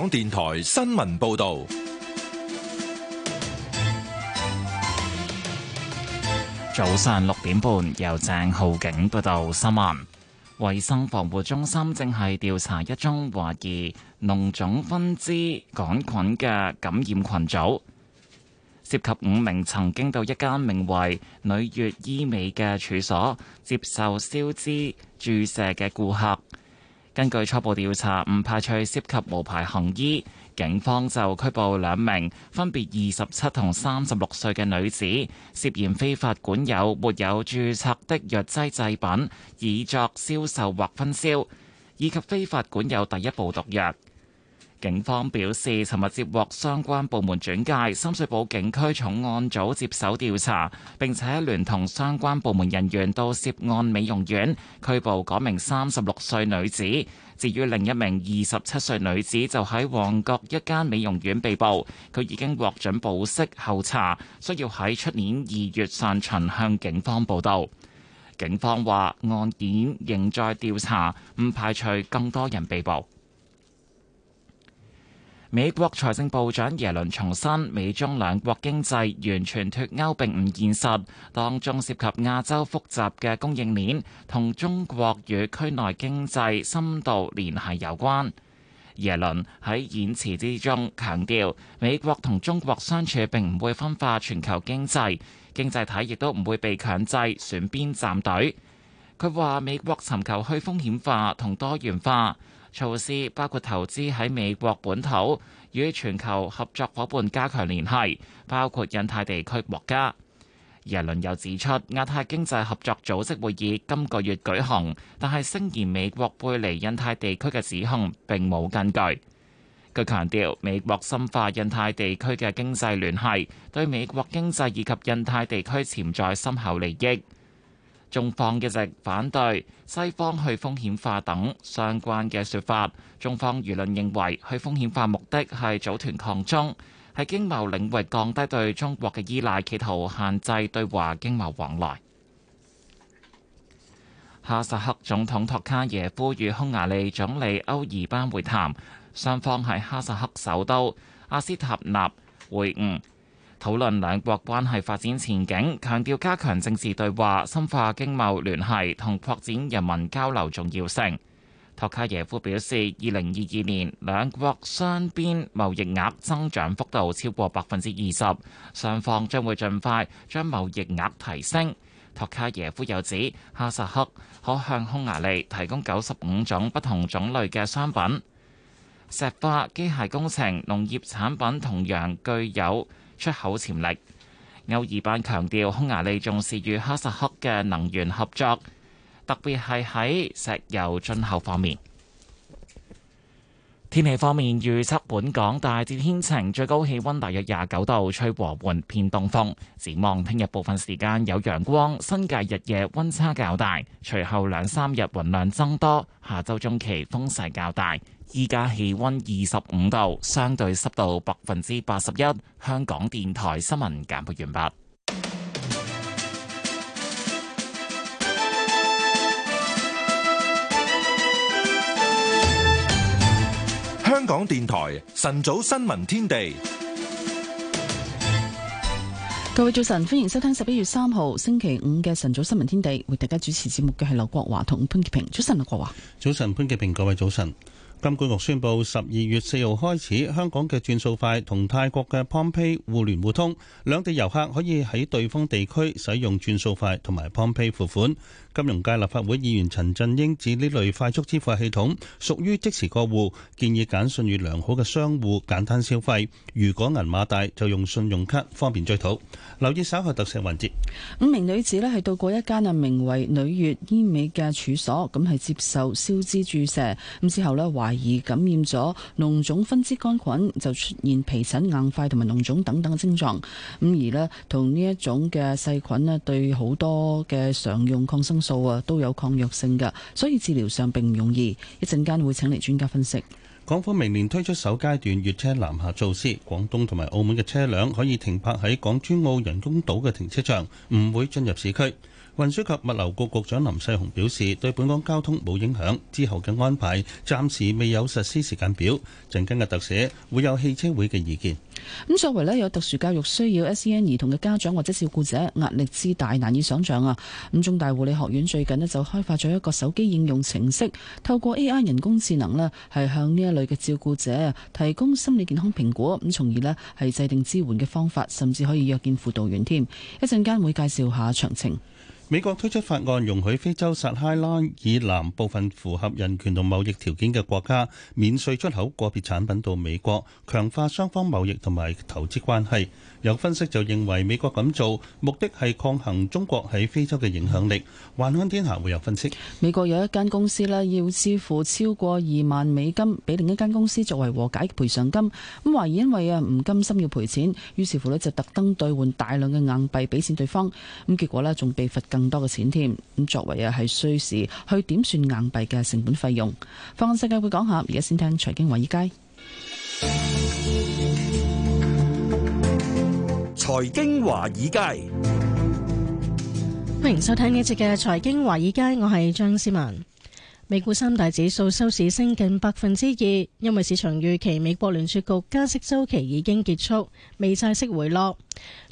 港電台新聞報道，早上六點半由鄭浩景報道新聞。衛生防護中心正係調查一宗懷疑膿腫分支桿菌嘅感染群組，涉及五名曾經到一間名為“女悦醫美”嘅處所接受消脂注射嘅顧客。根據初步調查，唔排除涉及無牌行醫，警方就拘捕兩名分別二十七同三十六歲嘅女子，涉嫌非法管有沒有註冊的藥劑製品，以作銷售或分銷，以及非法管有第一部毒藥。警方表示，尋日接獲相關部門轉介，深水埗警區重案組接手調查，並且聯同相關部門人員到涉案美容院拘捕嗰名三十六歲女子。至於另一名二十七歲女子就喺旺角一間美容院被捕，佢已經獲准保釋候查，需要喺出年二月上旬向警方報道。警方話案件仍在調查，唔排除更多人被捕。美國財政部長耶倫重申，美中兩國經濟完全脫鉤並唔現實，當中涉及亞洲複雜嘅供應鏈，同中國與區內經濟深度聯繫有關。耶倫喺演辭之中強調，美國同中國相處並唔會分化全球經濟，經濟體亦都唔會被強制選邊站隊。佢話：美國尋求去風險化同多元化。措施包括投資喺美國本土與全球合作夥伴加強聯繫，包括印太地區國家。耶倫又指出，亞太經濟合作組織會議今個月舉行，但係聲言美國背離印太地區嘅指控並冇根據。佢強調，美國深化印太地區嘅經濟聯繫，對美國經濟以及印太地區潛在深厚利益。中方一直反對西方去風險化等相關嘅說法。中方輿論認為，去風險化目的係組團抗中，喺經貿領域降低對中國嘅依賴，企圖限制對華經貿往來。哈薩克總統托卡耶夫與匈牙利總理歐爾班會談，雙方喺哈薩克首都阿斯塔納會晤，討論兩國關係發展前景，強調加強政治對話、深化經貿聯繫同擴展人民交流重要性。托卡耶夫表示，二零二二年兩國雙邊貿易額增長幅度超過百分之二十，雙方將會盡快將貿易額提升。托卡耶夫又指，哈薩克可向匈牙利提供九十五種不同種類嘅商品，石化、機械工程、農業產品同樣具有。出口潛力。歐爾班強調，匈牙利重視與哈薩克嘅能源合作，特別係喺石油進口方面。天氣方面預測，本港大致天晴，最高氣温大約廿九度，吹和緩偏東風。展望聽日部分時間有陽光，新界日夜温差較大。隨後兩三日雲量增多，下周中期風勢較大。依家氣溫二十五度，相對濕度百分之八十一。香港電台新聞簡報完畢。香港電台晨早新聞天地，各位早晨，歡迎收聽十一月三號星期五嘅晨早新聞天地。為大家主持節目嘅係劉國華同潘潔平。早晨，劉國華。早晨，潘潔平。各位早晨。金管局宣布，十二月四號開始，香港嘅轉數快同泰國嘅 PromptPay 互聯互通，兩地遊客可以喺對方地區使用轉數快同埋 PromptPay 付款。金融界立法會議員陳振英指呢類快速支付系統屬於即時過戶，建議揀信譽良好嘅商戶簡單消費。如果銀碼大，就用信用卡方便追討。留意稍後特寫環節。五名女子咧係到過一間啊，名為女月醫美嘅處所，咁係接受消脂注射，咁之後咧懷疑感染咗膿腫分枝桿菌，就出現皮疹硬塊同埋膿腫等等嘅症狀。咁而咧同呢一種嘅細菌咧對好多嘅常用抗生素。數啊都有抗藥性㗎，所以治療上並唔容易。一陣間會請嚟專家分析。港府明年推出首階段粵車南下措施，廣東同埋澳門嘅車輛可以停泊喺港珠澳人工島嘅停車場，唔會進入市區。運輸及物流局局長林世雄表示，對本港交通冇影響。之後嘅安排暫時未有實施時間表。陣間嘅特寫會有汽車會嘅意見。咁，作為咧有特殊教育需要 S.E.N. 兒童嘅家長或者照顧者，壓力之大難以想象啊！咁，中大護理學院最近咧就開發咗一個手機應用程式，透過 A.I. 人工智能咧係向呢一類嘅照顧者提供心理健康評估，咁從而咧係制定支援嘅方法，甚至可以約見輔導員添。一陣間會介紹下詳情。美國推出法案容許非洲撒哈拉以南部分符合人權同貿易條件嘅國家免稅出口個別產品到美國，強化雙方貿易同埋投資關係。有分析就認為美國咁做目的係抗衡中國喺非洲嘅影響力。環安天下會有分析，美國有一間公司咧要支付超過二萬美金俾另一間公司作為和解賠償金，咁懷疑因為啊唔甘心要賠錢，於是乎咧就特登兌換大量嘅硬幣俾錢對方，咁結果咧仲被罰金。更多嘅錢添，咁作為啊係需時去點算硬幣嘅成本費用。放眼世界會講下，而家先聽財經華爾街。財經華爾街，歡迎收聽呢節嘅財經華爾街，我係張思文。美股三大指數收市升近百分之二，因為市場預期美國聯儲局加息周期已經結束，美債息回落。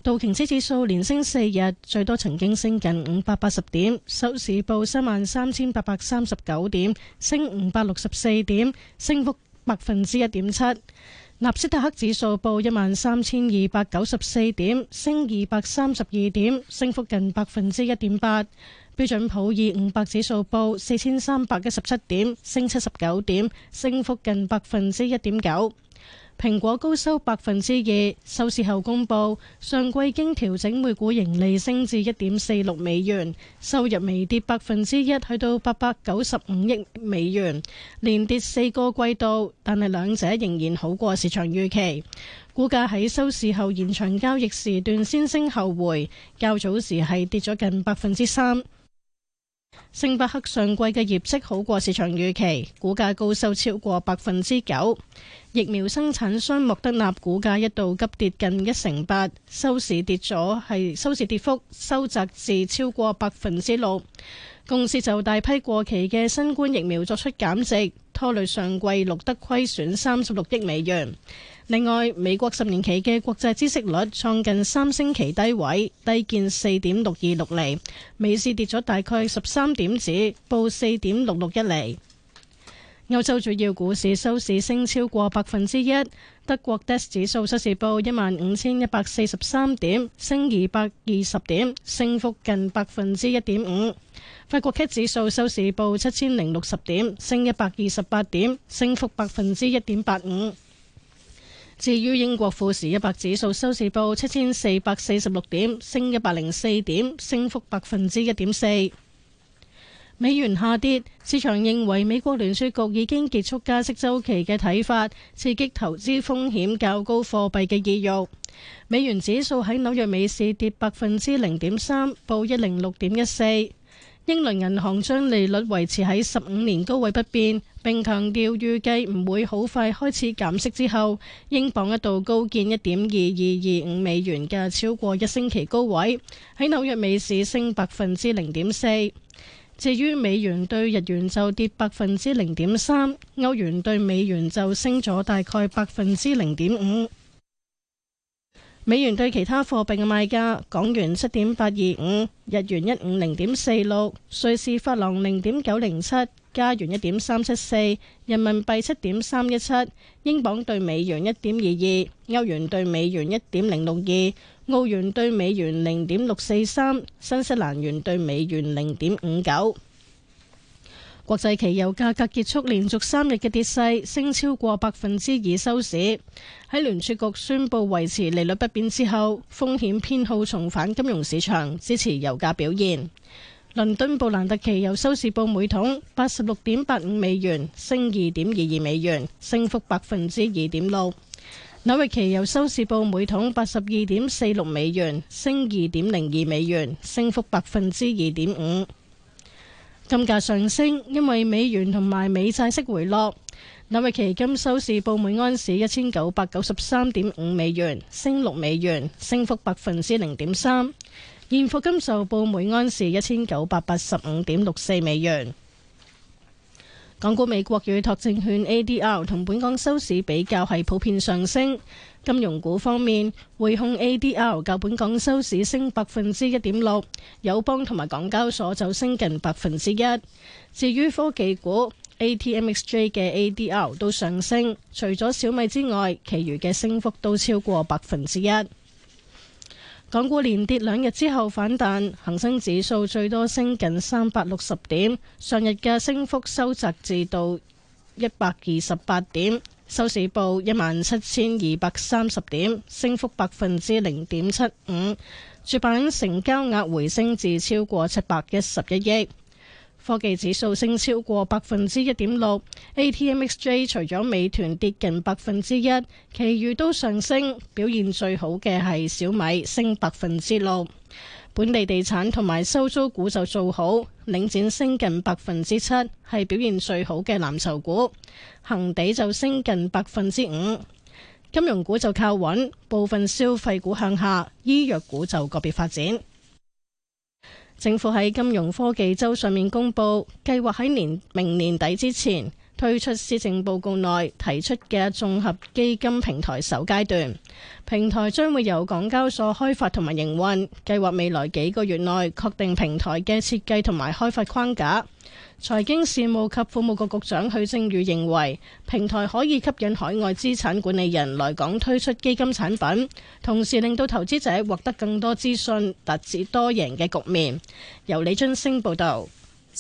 道瓊斯指數連升四日，最多曾經升近五百八十點，收市報三萬三千八百三十九點，升五百六十四點，升幅百分之一點七。納斯達克指數報一萬三千二百九十四點，升二百三十二點，升幅近百分之一點八。標準普爾五百指數報四千三百一十七點，升七十九點，升幅近百分之一點九。蘋果高收百分之二，收市後公布上季經調整每股盈利升至一點四六美元，收入微跌百分之一，去到八百九十五億美元，連跌四個季度，但係兩者仍然好過市場預期。股價喺收市後延長交易時段先升後回，較早時係跌咗近百分之三。星巴克上季嘅業績好過市場預期，股價高收超過百分之九。疫苗生產商莫德納股價一度急跌近一成八，收市跌咗，係收市跌幅收窄至超過百分之六。公司就大批過期嘅新冠疫苗作出減值，拖累上季錄得虧損三十六億美元。另外，美國十年期嘅國債孳息率創近三星期低位，低見四點六二六厘，美市跌咗大概十三點子，報四點六六一厘。歐洲主要股市收市升超過百分之一，德國 DAX 指數收市報一萬五千一百四十三點，升二百二十點，升幅近百分之一點五。法國 CAC 指數收市報七千零六十點，升一百二十八點，升幅百分之一點八五。至於英國富時一百指數收市報七千四百四十六點，升一百零四點，升幅百分之一點四。美元下跌，市場認為美國聯儲局已經結束加息週期嘅睇法，刺激投資風險較高貨幣嘅意欲。美元指數喺紐約美市跌百分之零點三，報一零六點一四。英倫銀行將利率維持喺十五年高位不變，並強調預計唔會好快開始減息。之後，英鎊一度高見一點二二二五美元嘅超過一星期高位，喺紐約美市升百分之零點四。至於美元對日元就跌百分之零點三，歐元對美元就升咗大概百分之零點五。美元對其他貨幣嘅賣價：港元七點八二五，日元一五零點四六，瑞士法郎零點九零七，加元一點三七四，人民幣七點三一七，英鎊對美元一點二二，歐元對美元一點零六二，澳元對美元零點六四三，新西蘭元對美元零點五九。國際期油價格結束連續三日嘅跌勢，升超過百分之二收市。喺聯儲局宣布維持利率不變之後，風險偏好重返金融市場，支持油價表現。倫敦布蘭特期油收市報每桶八十六點八五美元，升二點二二美元，升幅百分之二點六。紐約期油收市報每桶八十二點四六美元，升二點零二美元，升幅百分之二點五。金價上升，因為美元同埋美債息回落。紐約期金收市報每安士一千九百九十三點五美元，升六美元，升幅百分之零點三。現貨金售報每安士一千九百八十五點六四美元。港股美國預託證券 ADR 同本港收市比較係普遍上升。金融股方面，滙控 ADR 較本港收市升百分之一點六，友邦同埋港交所就升近百分之一。至於科技股 ATMXJ 嘅 ADR 都上升，除咗小米之外，其餘嘅升幅都超過百分之一。港股連跌兩日之後反彈，恒生指數最多升近三百六十點，上日嘅升幅收窄至到一百二十八點。收市報一萬七千二百三十點，升幅百分之零點七五。主板成交額回升至超過七百一十一億。科技指數升超過百分之一點六。ATMXJ 除咗美團跌近百分之一，其餘都上升。表現最好嘅係小米，升百分之六。本地地產同埋收租股就做好，領展升近百分之七，係表現最好嘅藍籌股。恒地就升近百分之五，金融股就靠穩，部分消費股向下，醫藥股就個別發展。政府喺金融科技周上面公布，計劃喺年明年底之前，推出施政報告內提出嘅綜合基金平台首階段，平台將會由港交所開發同埋營運，計劃未來幾個月內確定平台嘅設計同埋開發框架。財經事務及庫務局局長許正宇認為，平台可以吸引海外資產管理人來港推出基金產品，同時令到投資者獲得更多資訊，達至多贏嘅局面。由李津升報導。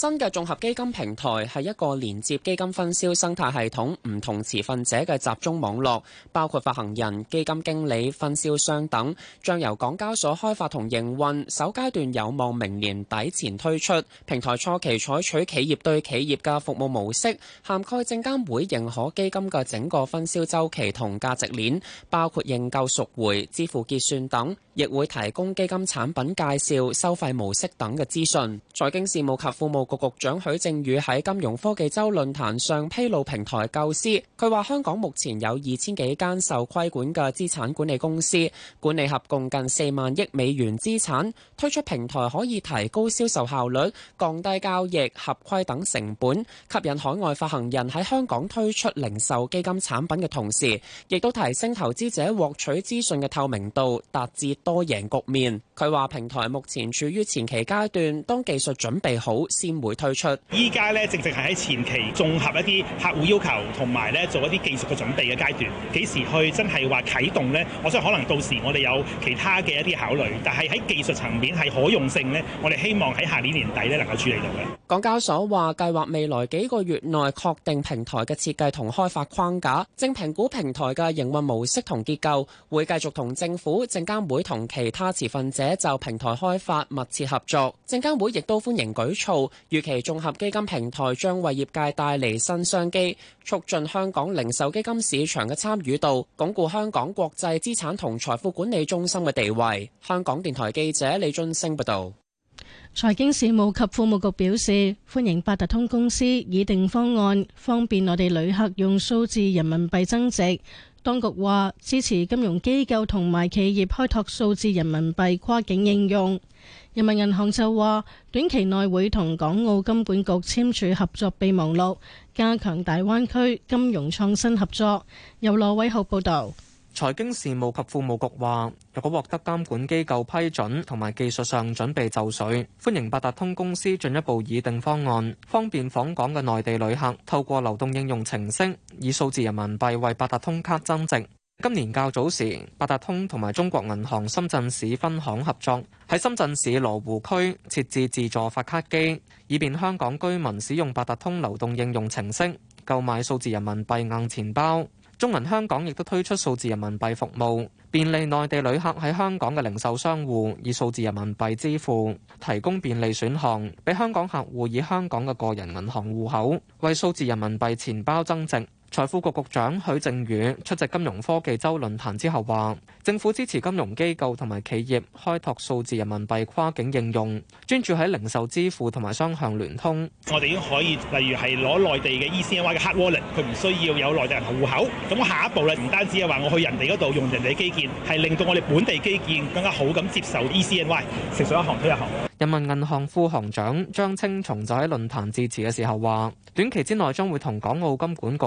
新嘅綜合基金平台係一個連接基金分銷生態系統唔同持份者嘅集中網絡，包括發行人、基金經理、分銷商等，將由港交所開發同營運，首階段有望明年底前推出。平台初期採取企業對企業嘅服務模式，涵蓋證監會認可基金嘅整個分銷週期同價值鏈，包括認購、贖回、支付結算等。亦會提供基金產品介紹、收費模式等嘅資訊。財經事務及庫務局局長許正宇喺金融科技周論壇上披露平台構思。佢話：香港目前有二千幾間受規管嘅資產管理公司，管理合共近四萬億美元資產。推出平台可以提高銷售效率，降低交易、合規等成本，吸引海外發行人喺香港推出零售基金產品嘅同時，亦都提升投資者獲取資訊嘅透明度，達至多贏局面。佢話平台目前處於前期階段，當技術準備好先會推出。依家咧，正正係喺前期綜合一啲客戶要求同埋咧做一啲技術嘅準備嘅階段。幾時去真係話啟動咧？我想可能到時我哋有其他嘅一啲考慮，但係喺技術層面係可用性咧，我哋希望喺下年年底咧能夠處理到嘅。港交所話計劃未來幾個月內確定平台嘅設計同開發框架，正評估平台嘅營運模式同結構，會繼續同政府、證監會同。其他持份者就平台開發密切合作，證監會亦都歡迎舉措，預期綜合基金平台將為業界帶嚟新商機，促進香港零售基金市場嘅參與度，鞏固香港國際資產同財富管理中心嘅地位。香港電台記者李津升報道。財經事務及庫務局表示，歡迎八達通公司擬定方案，方便內地旅客用數字人民幣增值。當局話支持金融機構同埋企業開拓數字人民幣跨境應用。人民銀行就話短期內會同港澳金管局簽署合作備忘錄，加強大灣區金融創新合作。由羅偉浩報道。財經事務及庫務局話：若果獲得監管機構批准同埋技術上準備就緒，歡迎八達通公司進一步擬定方案，方便訪港嘅內地旅客透過流動應用程式以數字人民幣為八達通卡增值。今年較早時，八達通同埋中國銀行深圳市分行合作喺深圳市羅湖區設置自助發卡機，以便香港居民使用八達通流動應用程式購買數字人民幣硬錢包。中銀香港亦都推出數字人民幣服務，便利內地旅客喺香港嘅零售商戶以數字人民幣支付，提供便利選項，俾香港客戶以香港嘅個人銀行戶口，為數字人民幣錢包增值。財富局局長許正宇出席金融科技周論壇之後話：政府支持金融機構同埋企業開拓數字人民幣跨境應用，專注喺零售支付同埋雙向聯通。我哋已經可以，例如係攞內地嘅 ECNY 嘅 hard wallet，佢唔需要有內地人戶口。咁我下一步咧，唔單止係話我去人哋嗰度用人哋嘅基建，係令到我哋本地基建更加好咁接受 ECNY，食水一行推一行。人民銀行副行長張青松就喺論壇致辭嘅時候話：短期之內將會同港澳金管局。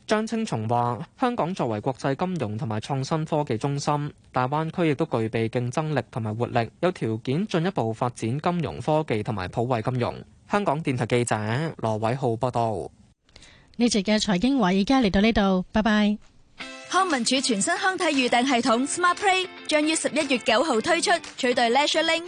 張青松話：香港作為國際金融同埋創新科技中心，大灣區亦都具備競爭力同埋活力，有條件進一步發展金融科技同埋普惠金融。香港電台記者羅偉浩報道。呢節嘅財經話，而家嚟到呢度，拜拜。康文署全新康體預訂系統 SmartPlay 將於十一月九號推出，取代 LeisureLink。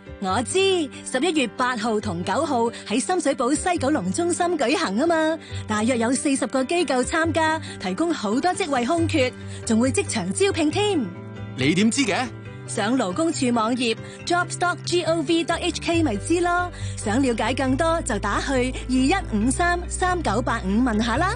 我知十一月八號同九號喺深水埗西九龍中心舉行啊嘛，大約有四十個機構參加，提供好多職位空缺，仲會即場招聘添。你點知嘅？上勞工處網頁 jobs.gov.hk 咪知咯，想了解更多就打去二一五三三九八五問下啦。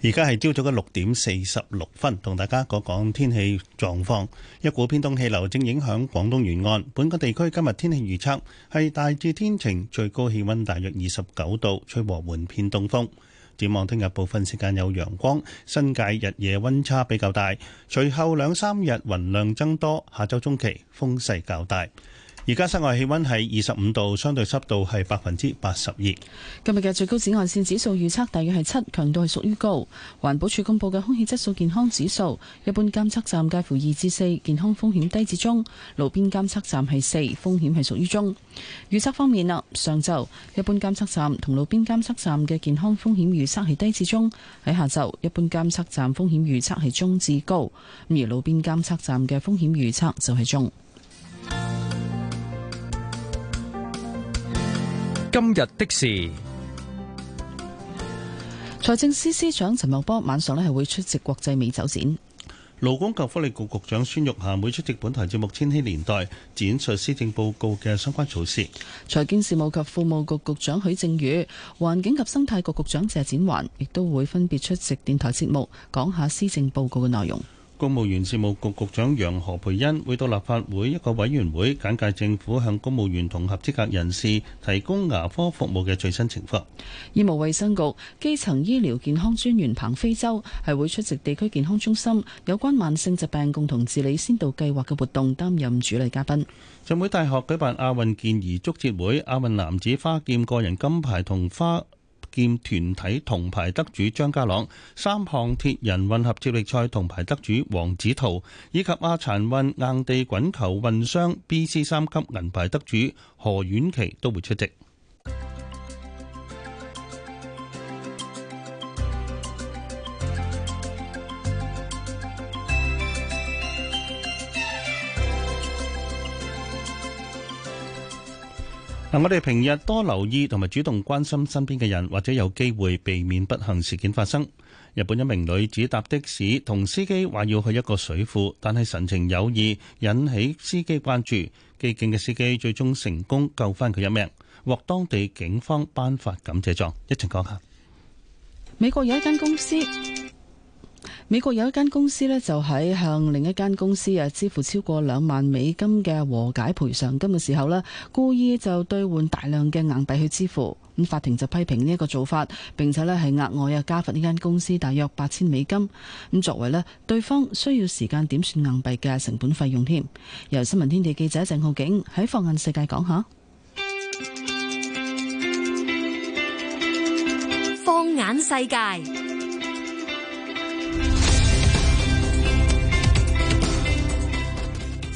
而家係朝早嘅六點四十六分，同大家講講天氣狀況。一股偏東氣流正影響廣東沿岸，本港地區今日天氣預測係大致天晴，最高氣溫大約二十九度，吹和緩偏東風。展望聽日部分時間有陽光，新界日夜溫差比較大。隨後兩三日雲量增多，下周中期風勢較大。而家室外氣溫係二十五度，相對濕度係百分之八十二。今日嘅最高紫外線指數預測大約係七，強度係屬於高。環保署公布嘅空氣質素健康指數，一般監測站介乎二至四，健康風險低至中；路邊監測站係四，風險係屬於中。預測方面啊，上晝一般監測站同路邊監測站嘅健康風險預測係低至中；喺下晝一般監測站風險預測係中至高，咁而路邊監測站嘅風險預測就係中。今日的事，財政司司長陳茂波晚上咧係會出席國際美酒展。勞工及福利局局、局長孫玉菡會出席本台節目《千禧年代》，展述施政報告嘅相關措施。財經事務及庫務局局、局長許正宇、環境及生態局局長謝展寰，亦都會分別出席電台節目，講下施政報告嘅內容。公務員事務局局長楊何蓓茵會到立法會一個委員會簡介政府向公務員同合資格人士提供牙科服務嘅最新情況。醫務衛生局基層醫療健康專員彭飛舟係會出席地區健康中心有關慢性疾病共同治理先導計劃嘅活動，擔任主禮嘉賓。浸會大學舉辦亞運健兒祝捷會，亞運男子花劍個人金牌同花。劍團體銅牌得主張家朗、三項鐵人混合接力賽銅牌得主黃子濤以及阿殘運硬地滾球混雙 BC 三級銀牌得主何婉琪都會出席。嗱、啊，我哋平日多留意同埋主動關心身邊嘅人，或者有機會避免不幸事件發生。日本一名女子搭的士，同司機話要去一個水庫，但係神情有異，引起司機關注。機警嘅司機最終成功救翻佢一命，獲當地警方頒發感謝狀。一陣講下。美國有一間公司。美國有一間公司咧，就喺向另一間公司啊，支付超過兩萬美金嘅和解賠償金嘅時候咧，故意就兌換大量嘅硬幣去支付。咁法庭就批評呢一個做法，並且咧係額外啊加罰呢間公司大約八千美金。咁作為咧對方需要時間點算硬幣嘅成本費用添。由新聞天地記者鄭浩景喺放眼世界講下。放眼世界。說說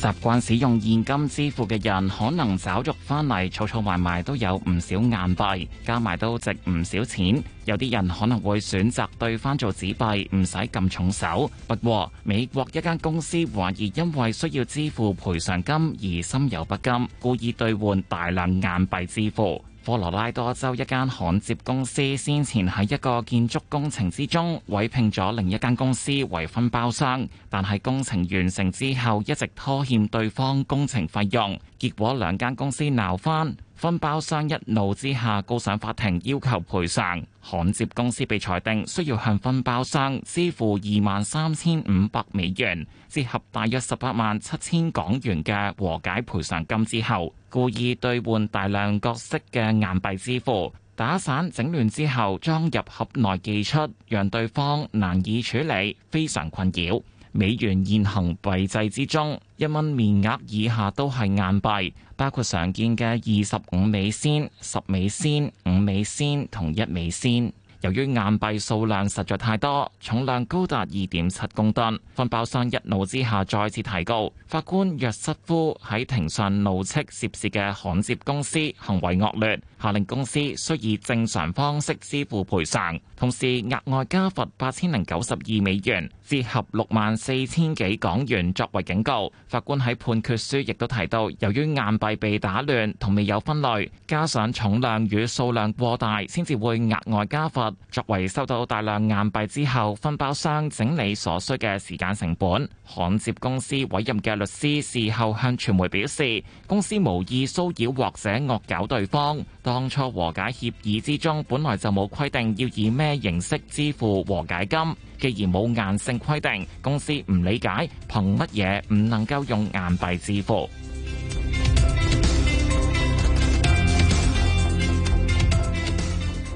習慣使用現金支付嘅人，可能找續翻嚟，儲儲埋埋都有唔少硬幣，加埋都值唔少錢。有啲人可能會選擇兌翻做紙幣，唔使咁重手。不過，美國一間公司懷疑因為需要支付賠償金而心有不甘，故意兌換大量硬幣支付。科羅拉多州一間焊接公司先前喺一個建築工程之中委聘咗另一間公司為分包商，但係工程完成之後一直拖欠對方工程費用，結果兩間公司鬧翻。分包商一怒之下告上法庭，要求賠償。焊接公司被裁定需要向分包商支付二萬三千五百美元，折合大約十八萬七千港元嘅和解賠償金之後，故意兌換大量各式嘅硬幣支付，打散整亂之後裝入盒內寄出，讓對方難以處理，非常困擾。美元現行幣制之中，一蚊面額以下都係硬幣，包括常見嘅二十五美仙、十美仙、五美仙同一美仙。由於硬幣數量實在太多，重量高達二點七公噸，分包商一怒之下再次提告。法官約瑟夫喺庭上怒斥涉事嘅焊接公司行為惡劣，下令公司需以正常方式支付賠償，同時額外加罰八千零九十二美元。折合六萬四千幾港元作為警告。法官喺判決書亦都提到，由於硬幣被打亂同未有分類，加上重量與數量過大，先至會額外加罰，作為收到大量硬幣之後分包商整理所需嘅時間成本。焊接公司委任嘅律師事後向傳媒表示，公司無意騷擾或者惡搞對方。當初和解協議之中，本來就冇規定要以咩形式支付和解金。既然冇硬性規定，公司唔理解，憑乜嘢唔能夠用硬幣支付？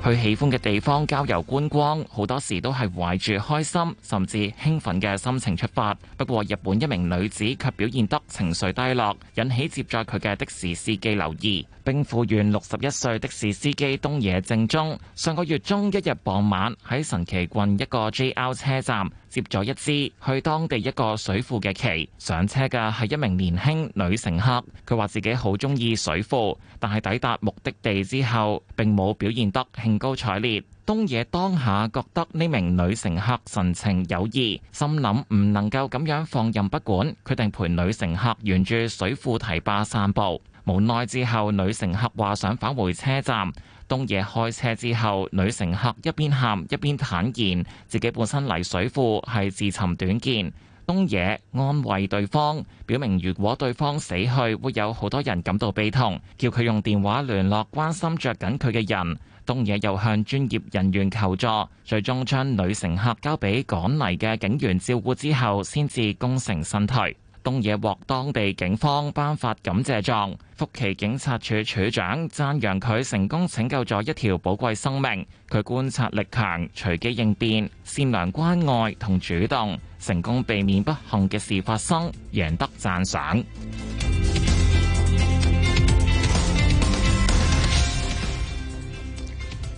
佢喜歡嘅地方郊遊觀光，好多時都係懷住開心甚至興奮嘅心情出發。不過，日本一名女子卻表現得情緒低落，引起接載佢嘅的士司機留意，兵庫縣六十一歲的士司機東野正中，上個月中一日傍晚喺神崎郡一個 JR 車站，接咗一支去當地一個水庫嘅旗。上車嘅係一名年輕女乘客，佢話自己好中意水庫，但係抵達目的地之後，並冇表現得興高采烈。東野當下覺得呢名女乘客神情有異，心諗唔能夠咁樣放任不管，決定陪女乘客沿住水庫堤壩散步。無奈之後，女乘客話想返回車站。東野開車之後，女乘客一邊喊一邊坦言自己本身嚟水庫係自尋短見。東野安慰對方，表明如果對方死去，會有好多人感到悲痛，叫佢用電話聯絡關心着緊佢嘅人。東野又向專業人員求助，最終將女乘客交俾趕嚟嘅警員照顧之後，先至功成身退。東野獲當地警方頒發感謝狀，福奇警察署署長讚揚佢成功拯救咗一條寶貴生命。佢觀察力強、隨機應變、善良關愛同主動，成功避免不幸嘅事發生，贏得讚賞。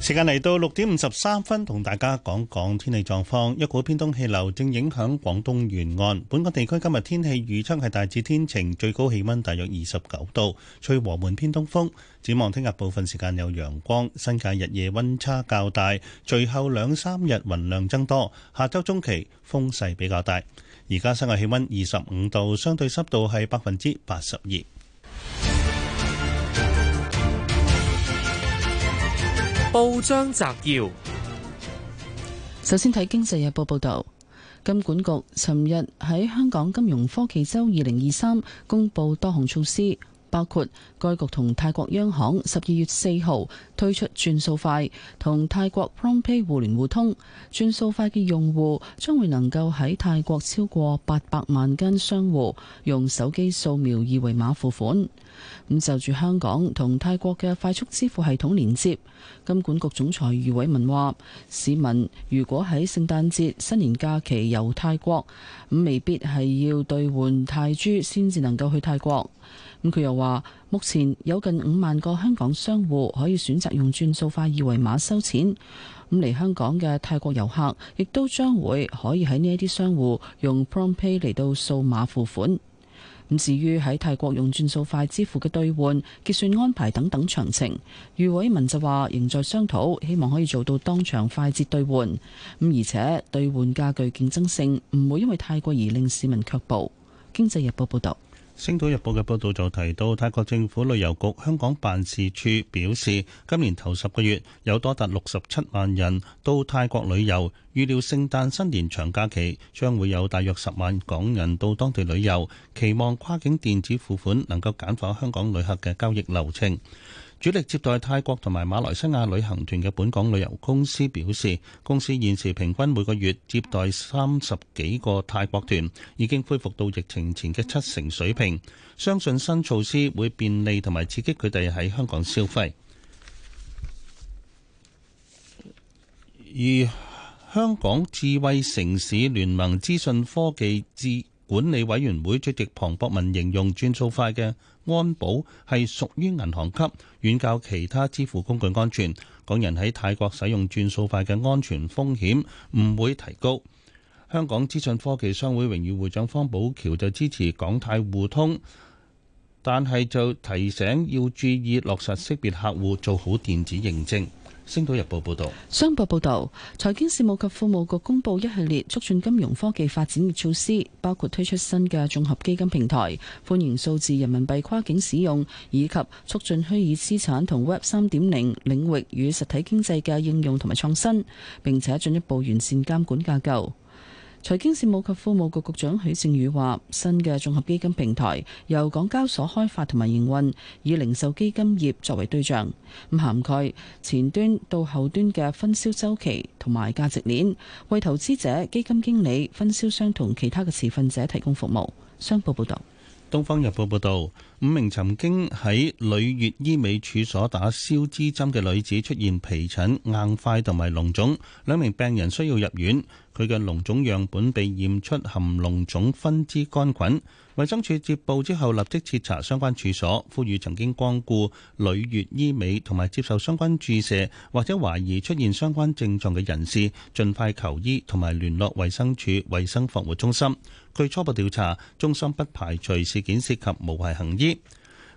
時間嚟到六點五十三分，同大家講講天氣狀況。一股偏東氣流正影響廣東沿岸。本港地區今日天氣預測係大致天晴，最高氣溫大約二十九度，吹和緩偏東風。展望聽日部分時間有陽光，新界日夜溫差較大。隨後兩三日雲量增多，下周中期風勢比較大。而家室外氣溫二十五度，相對濕度係百分之八十二。報章摘要：首先睇《經濟日報》報道，金管局尋日喺香港金融科技周二零二三公布多項措施。包括該局同泰國央行十二月四號推出轉數快同泰國 PromptPay 互聯互通，轉數快嘅用戶將會能夠喺泰國超過八百萬間商戶用手機掃描二維碼付款。咁、嗯、就住香港同泰國嘅快速支付系統連接，金管局總裁余偉文話：市民如果喺聖誕節、新年假期遊泰國，嗯、未必係要兌換泰銖先至能夠去泰國。咁佢又話，目前有近五萬個香港商戶可以選擇用轉數快二維碼收錢。咁嚟香港嘅泰國遊客亦都將會可以喺呢一啲商戶用 PromptPay 嚟到掃碼付款。咁至於喺泰國用轉數快支付嘅兌換、結算安排等等詳情，余偉文就話仍在商討，希望可以做到當場快捷兌換。咁而且兌換價具競爭性，唔會因為太貴而令市民卻步。經濟日報報導。星島日報嘅報道就提到，泰國政府旅遊局香港辦事處表示，今年頭十個月有多達六十七萬人到泰國旅遊，預料聖誕新年長假期將會有大約十萬港人到當地旅遊，期望跨境電子付款能夠簡化香港旅客嘅交易流程。主力接待泰國同埋馬來西亞旅行團嘅本港旅遊公司表示，公司現時平均每個月接待三十幾個泰國團，已經恢復到疫情前嘅七成水平，相信新措施會便利同埋刺激佢哋喺香港消費。而香港智慧城市聯盟資訊科技智管理委員會主席龐博文形容轉數快嘅安保係屬於銀行級，遠較其他支付工具安全，港人喺泰國使用轉數快嘅安全風險唔會提高。香港資訊科技商會榮譽會長方保僑就支持港泰互通，但係就提醒要注意落實識別客戶，做好電子認證。星島日報報道，商報報道，財經事務及庫務局公布一系列促進金融科技發展嘅措施，包括推出新嘅綜合基金平台，歡迎數字人民幣跨境使用，以及促進虛擬資產同 Web 三點零領域與實體經濟嘅應用同埋創新，並且進一步完善監管架構。財經事務及庫務局局，局長許正宇話：新嘅綜合基金平台由港交所開發同埋營運，以零售基金業作為對象，咁涵蓋前端到後端嘅分銷周期同埋價值鏈，為投資者、基金經理、分銷商同其他嘅持份者提供服務。商報報道。《東方日報》報導，五名曾經喺旅悅醫美處所打消脂針嘅女子出現皮疹、硬塊同埋膿腫，兩名病人需要入院。佢嘅膿腫樣本被驗出含膿腫分支桿菌。衛生署接報之後，立即徹查相關處所，呼籲曾經光顧旅悅醫美同埋接受相關注射或者懷疑出現相關症狀嘅人士，盡快求醫同埋聯絡衛生署衛生防護中心。據初步調查，中心不排除事件涉及無牌行醫。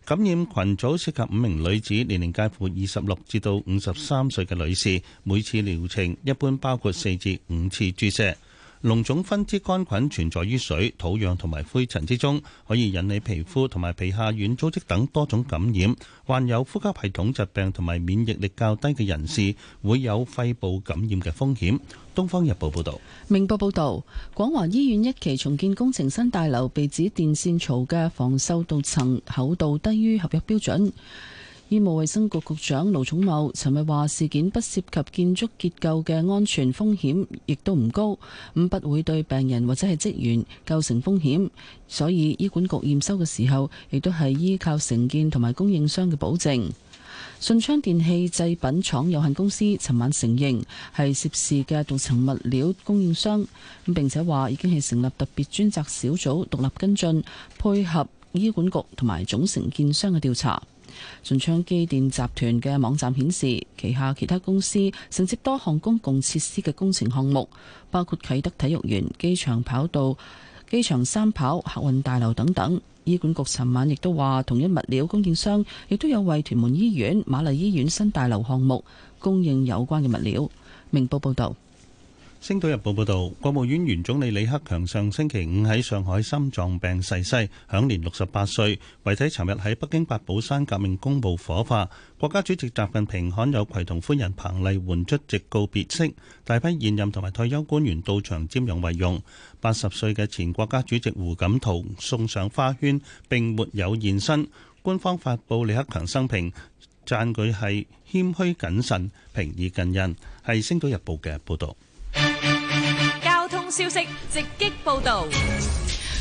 感染群組涉及五名女子，年齡介乎二十六至到五十三歲嘅女士，每次療程一般包括四至五次注射。膿腫分枝桿菌存在於水、土壤同埋灰塵之中，可以引起皮膚同埋皮下軟組織等多種感染。患有呼吸系統疾病同埋免疫力較低嘅人士，會有肺部感染嘅風險。《東方日報》報道，《明報》報道，廣華醫院一期重建工程新大樓被指電線槽嘅防鏽鍍層厚度低於合約標準。醫務衛生局局長盧寵茂尋日話：事件不涉及建築結構嘅安全風險，亦都唔高，咁不會對病人或者係職員構成風險。所以醫管局驗收嘅時候，亦都係依靠承建同埋供應商嘅保證。順昌電器製品廠有限公司尋晚承認係涉事嘅塗層物料供應商，並且話已經係成立特別專責小組，獨立跟進，配合醫管局同埋總承建商嘅調查。順昌機電集團嘅網站顯示，旗下其他公司承接多項公共設施嘅工程項目，包括啟德體育園、機場跑道、機場三跑、客運大樓等等。醫管局尋晚亦都話，同一物料供應商亦都有為屯門醫院、瑪麗醫院新大樓項目供應有關嘅物料。明報報道。《星島日報》報道，國務院原總理李克強上星期五喺上海心臟病逝世，享年六十八歲。遺體尋日喺北京八寶山革命公墓火化。國家主席習近平罕有陪同夫人彭麗媛出席告別式，大批現任同埋退休官員到場瞻仰遺容。八十歲嘅前國家主席胡錦濤送上花圈，並沒有現身。官方發佈李克強生平，讚佢係謙虛謹慎、平易近人。係《星島日報》嘅報道。消息直擊報道。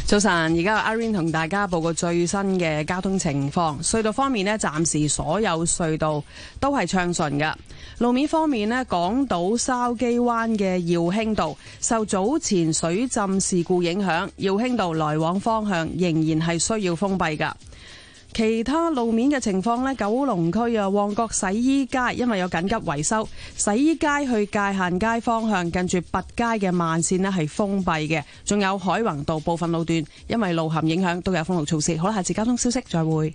早晨，而家阿 Irene 同大家報個最新嘅交通情況。隧道方面呢，暫時所有隧道都係暢順噶路面方面呢，港島筲箕灣嘅耀興道受早前水浸事故影響，耀興道來往方向仍然係需要封閉噶其他路面嘅情況咧，九龍區啊旺角洗衣街因為有緊急維修，洗衣街去界限街方向，近住拔街嘅慢線咧係封閉嘅，仲有海泓道部分路段因為路陷影響都有封路措施。好啦，下次交通消息再會。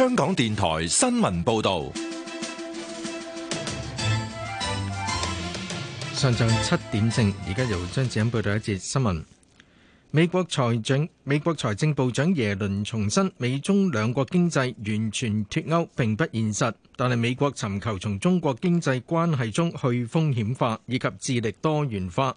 香港電台新聞報道，上晝七點正，而家由張子欣報道一節新聞。美國財政美國財政部長耶倫重申，美中兩國經濟完全脱鈎並不現實，但係美國尋求從中國經濟關係中去風險化以及致力多元化。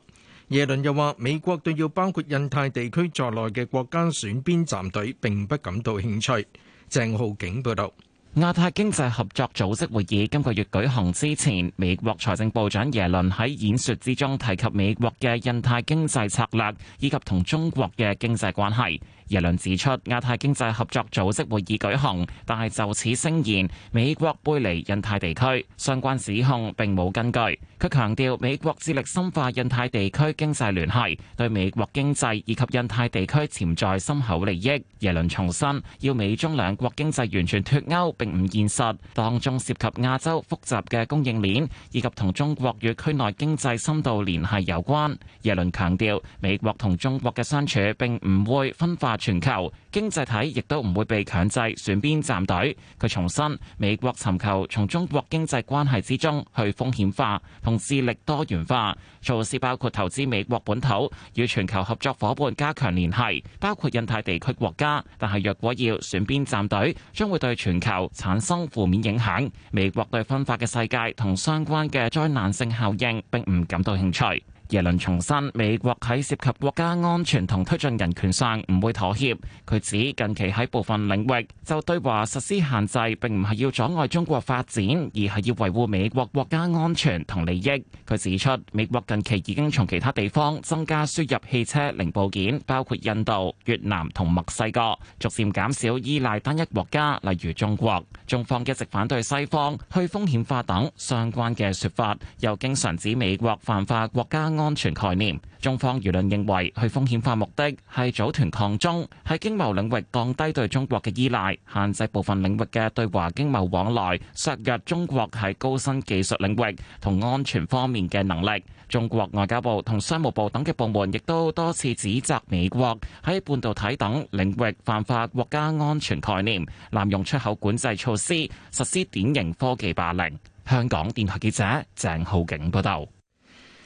耶倫又話，美國對要包括印太地區在內嘅國家選邊站隊，並不感到興趣。鄭浩景報道，亞太經濟合作組織會議今個月舉行之前，美國財政部長耶倫喺演說之中提及美國嘅印太經濟策略以及同中國嘅經濟關係。耶倫指出，亞太經濟合作組織會議舉行，但係就此聲言美國背離印太地區相關指控，並冇根據。佢強調，美國致力深化印太地區經濟聯繫，對美國經濟以及印太地區潛在深厚利益。耶倫重申，要美中兩國經濟完全脱鈎並唔現實，當中涉及亞洲複雜嘅供應鏈，以及同中國與區內經濟深度聯繫有關。耶倫強調，美國同中國嘅相處並唔會分化。全球經濟體亦都唔會被強制選邊站隊。佢重申，美國尋求從中國經濟關係之中去風險化同智力多元化，措施包括投資美國本土與全球合作伙伴加強聯繫，包括印太地區國家。但係，若果要選邊站隊，將會對全球產生負面影響。美國對分化嘅世界同相關嘅災難性效應並唔感到興趣。耶倫重申，美國喺涉及國家安全同推進人權上唔會妥協。佢指近期喺部分領域就對華實施限制，並唔係要阻礙中國發展，而係要維護美國國家安全同利益。佢指出，美國近期已經從其他地方增加輸入汽車零部件，包括印度、越南同墨西哥，逐漸減少依賴單一國家，例如中國。中方一直反對西方去風險化等相關嘅說法，又經常指美國泛化國家安。安全概念，中方輿論認為，去風險化目的係組團抗中，喺經貿領域降低對中國嘅依賴，限制部分領域嘅對華經貿往來，削弱中國喺高新技術領域同安全方面嘅能力。中國外交部同商務部等嘅部門亦都多次指責美國喺半導體等領域泛化國家安全概念，濫用出口管制措施，實施典型科技霸凌。香港電台記者鄭浩景報道。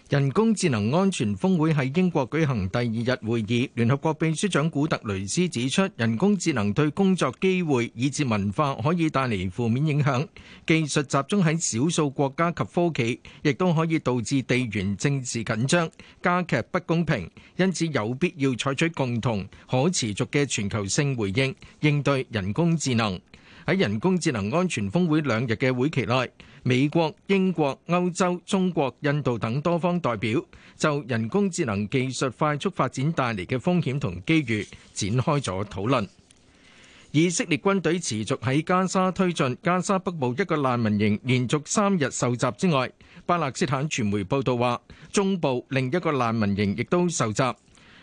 人工智能安全峰會喺英國舉行第二日會議，聯合國秘書長古特雷斯指出，人工智能對工作機會以至文化可以帶嚟負面影響。技術集中喺少數國家及科技，亦都可以導致地緣政治緊張，加劇不公平。因此，有必要採取共同可持續嘅全球性回應，應對人工智能。喺人工智能安全峰會兩日嘅會期內，美國、英國、歐洲、中國、印度等多方代表就人工智能技術快速發展帶嚟嘅風險同機遇展開咗討論。以色列軍隊持續喺加沙推進，加沙北部一個難民營連續三日受襲之外，巴勒斯坦傳媒報道話，中部另一個難民營亦都受襲。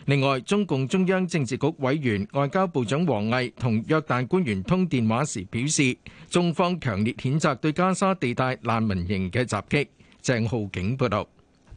另外，中共中央政治局委員、外交部長王毅同約旦官員通電話時表示，中方強烈譴責對加沙地帶難民營嘅襲擊，鄭浩景報道。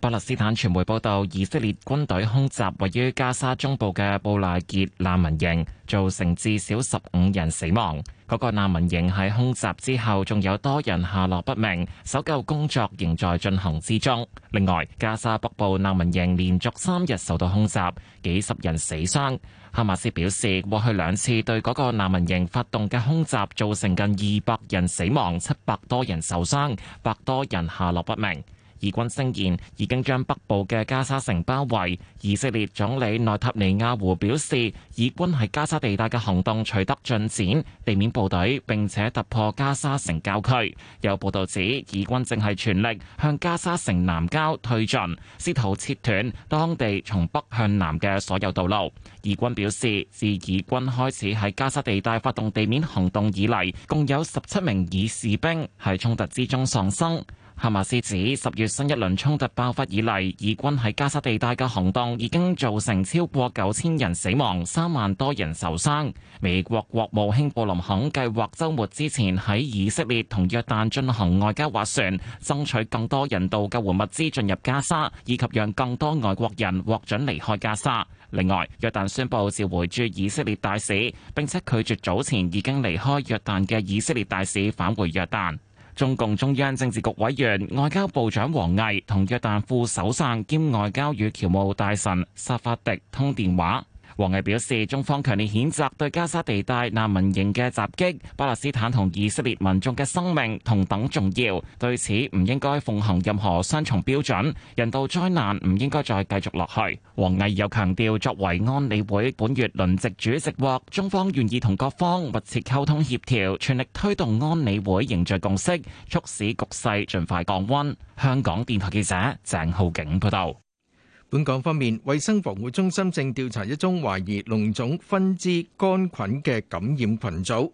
巴勒斯坦傳媒報道，以色列軍隊空襲位於加沙中部嘅布拉傑難民營，造成至少十五人死亡。嗰個難民營喺空襲之後，仲有多人下落不明，搜救工作仍在進行之中。另外，加沙北部難民營連續三日受到空襲，幾十人死傷。哈馬斯表示，過去兩次對嗰個難民營發動嘅空襲，造成近二百人死亡、七百多人受傷、百多人下落不明。以軍聲言已經將北部嘅加沙城包圍。以色列總理內塔尼亞胡表示，以軍喺加沙地帶嘅行動取得進展，地面部隊並且突破加沙城郊區。有報道指，以軍正係全力向加沙城南郊推進，試圖切斷當地從北向南嘅所有道路。以軍表示，自以軍開始喺加沙地帶發動地面行動以嚟，共有十七名以士兵喺衝突之中喪生。哈馬斯指，十月新一輪衝突爆發以嚟，以軍喺加沙地帶嘅行動已經造成超過九千人死亡，三萬多人受傷。美國國務卿布林肯計劃周末之前喺以色列同約旦進行外交斡旋，爭取更多人道救援物資進入加沙，以及讓更多外國人獲准離開加沙。另外，約旦宣佈召回駐以色列大使，並且拒絕早前已經離開約旦嘅以色列大使返回約旦。中共中央政治局委員、外交部長王毅同約旦副首相兼外交與僑務大臣薩法迪通電話。王毅表示，中方強烈譴責對加沙地帶難民營嘅襲擊，巴勒斯坦同以色列民眾嘅生命同等重要。對此唔應該奉行任何雙重標準，人道災難唔應該再繼續落去。王毅又強調作為安理會本月輪值主席，或中方願意同各方密切溝通協調，全力推動安理會凝聚共識，促使局勢盡快降温。香港電台記者鄭浩景報道。本港方面，衛生防護中心正調查一宗懷疑膿腫分支桿菌嘅感染群組，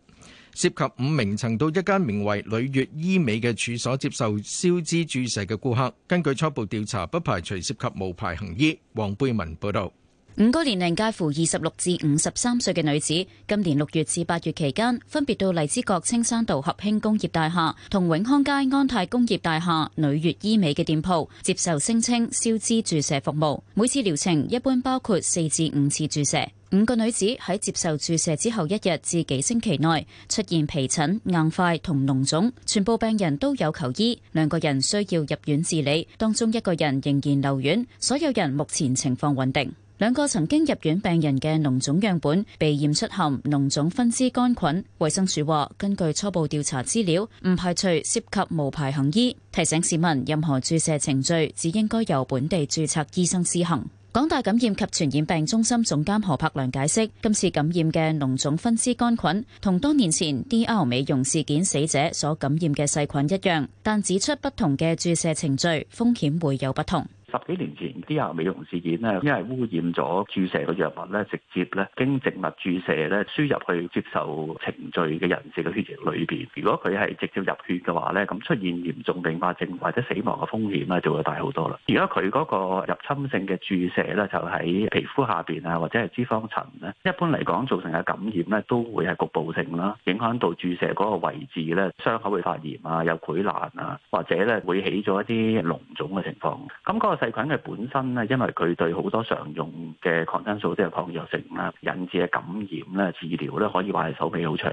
涉及五名曾到一間名為“旅悅醫美”嘅處所接受消脂注射嘅顧客。根據初步調查，不排除涉及無牌行醫。黃貝文報道。五個年齡介乎二十六至五十三歲嘅女子，今年六月至八月期間，分別到荔枝角青山道合興工業大廈、同永康街安泰工業大廈、女悅醫美嘅店鋪接受聲稱消脂注射服務。每次療程一般包括四至五次注射。五個女子喺接受注射之後一日至幾星期內出現皮疹、硬塊同膿腫，全部病人都有求醫，兩個人需要入院治理，當中一個人仍然留院，所有人目前情況穩定。兩個曾經入院病人嘅膿腫樣本被驗出含膿腫分支桿菌，衛生署話根據初步調查資料，唔排除涉及無牌行醫，提醒市民任何注射程序只應該由本地註冊醫生施行。港大感染及傳染病中心總監何柏良解釋，今次感染嘅膿腫分支桿菌同多年前 DR 美容事件死者所感染嘅細菌一樣，但指出不同嘅注射程序風險會有不同。十幾年前啲牙美容事件咧，因為污染咗注射嘅藥物咧，直接咧經靜脈注射咧輸入去接受程序嘅人士嘅血液裏邊。如果佢係直接入血嘅話咧，咁出現嚴重併發症或者死亡嘅風險咧就會大好多啦。如果佢嗰個入侵性嘅注射咧，就喺皮膚下邊啊，或者係脂肪層咧，一般嚟講造成嘅感染咧都會係局部性啦，影響到注射嗰個位置咧，傷口會發炎啊，有潰爛啊，或者咧會起咗一啲膿腫嘅情況。咁嗰、那個細菌嘅本身咧，因為佢對好多常用嘅抗生素都有抗藥性啦，引致嘅感染咧，治療咧可以話係手尾好長。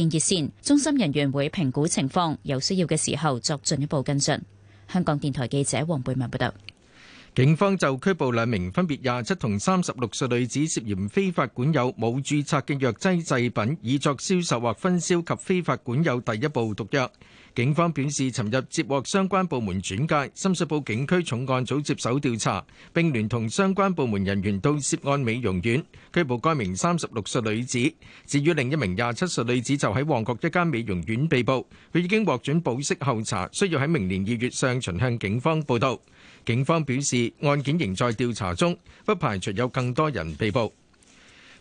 熱線中心人員會評估情況，有需要嘅時候作進一步跟進。香港電台記者黃貝文報道，警方就拘捕兩名分別廿七同三十六歲女子，涉嫌非法管有冇注冊嘅藥劑製品，以作銷售或分銷及非法管有第一部毒藥。警方表示，尋日接獲相關部門轉介，深水埗警區重案組接手調查，並聯同相關部門人員到涉案美容院拘捕該名三十六歲女子。至於另一名廿七歲女子就喺旺角一間美容院被捕，佢已經獲准保釋候查，需要喺明年二月上旬向警方報到。警方表示，案件仍在調查中，不排除有更多人被捕。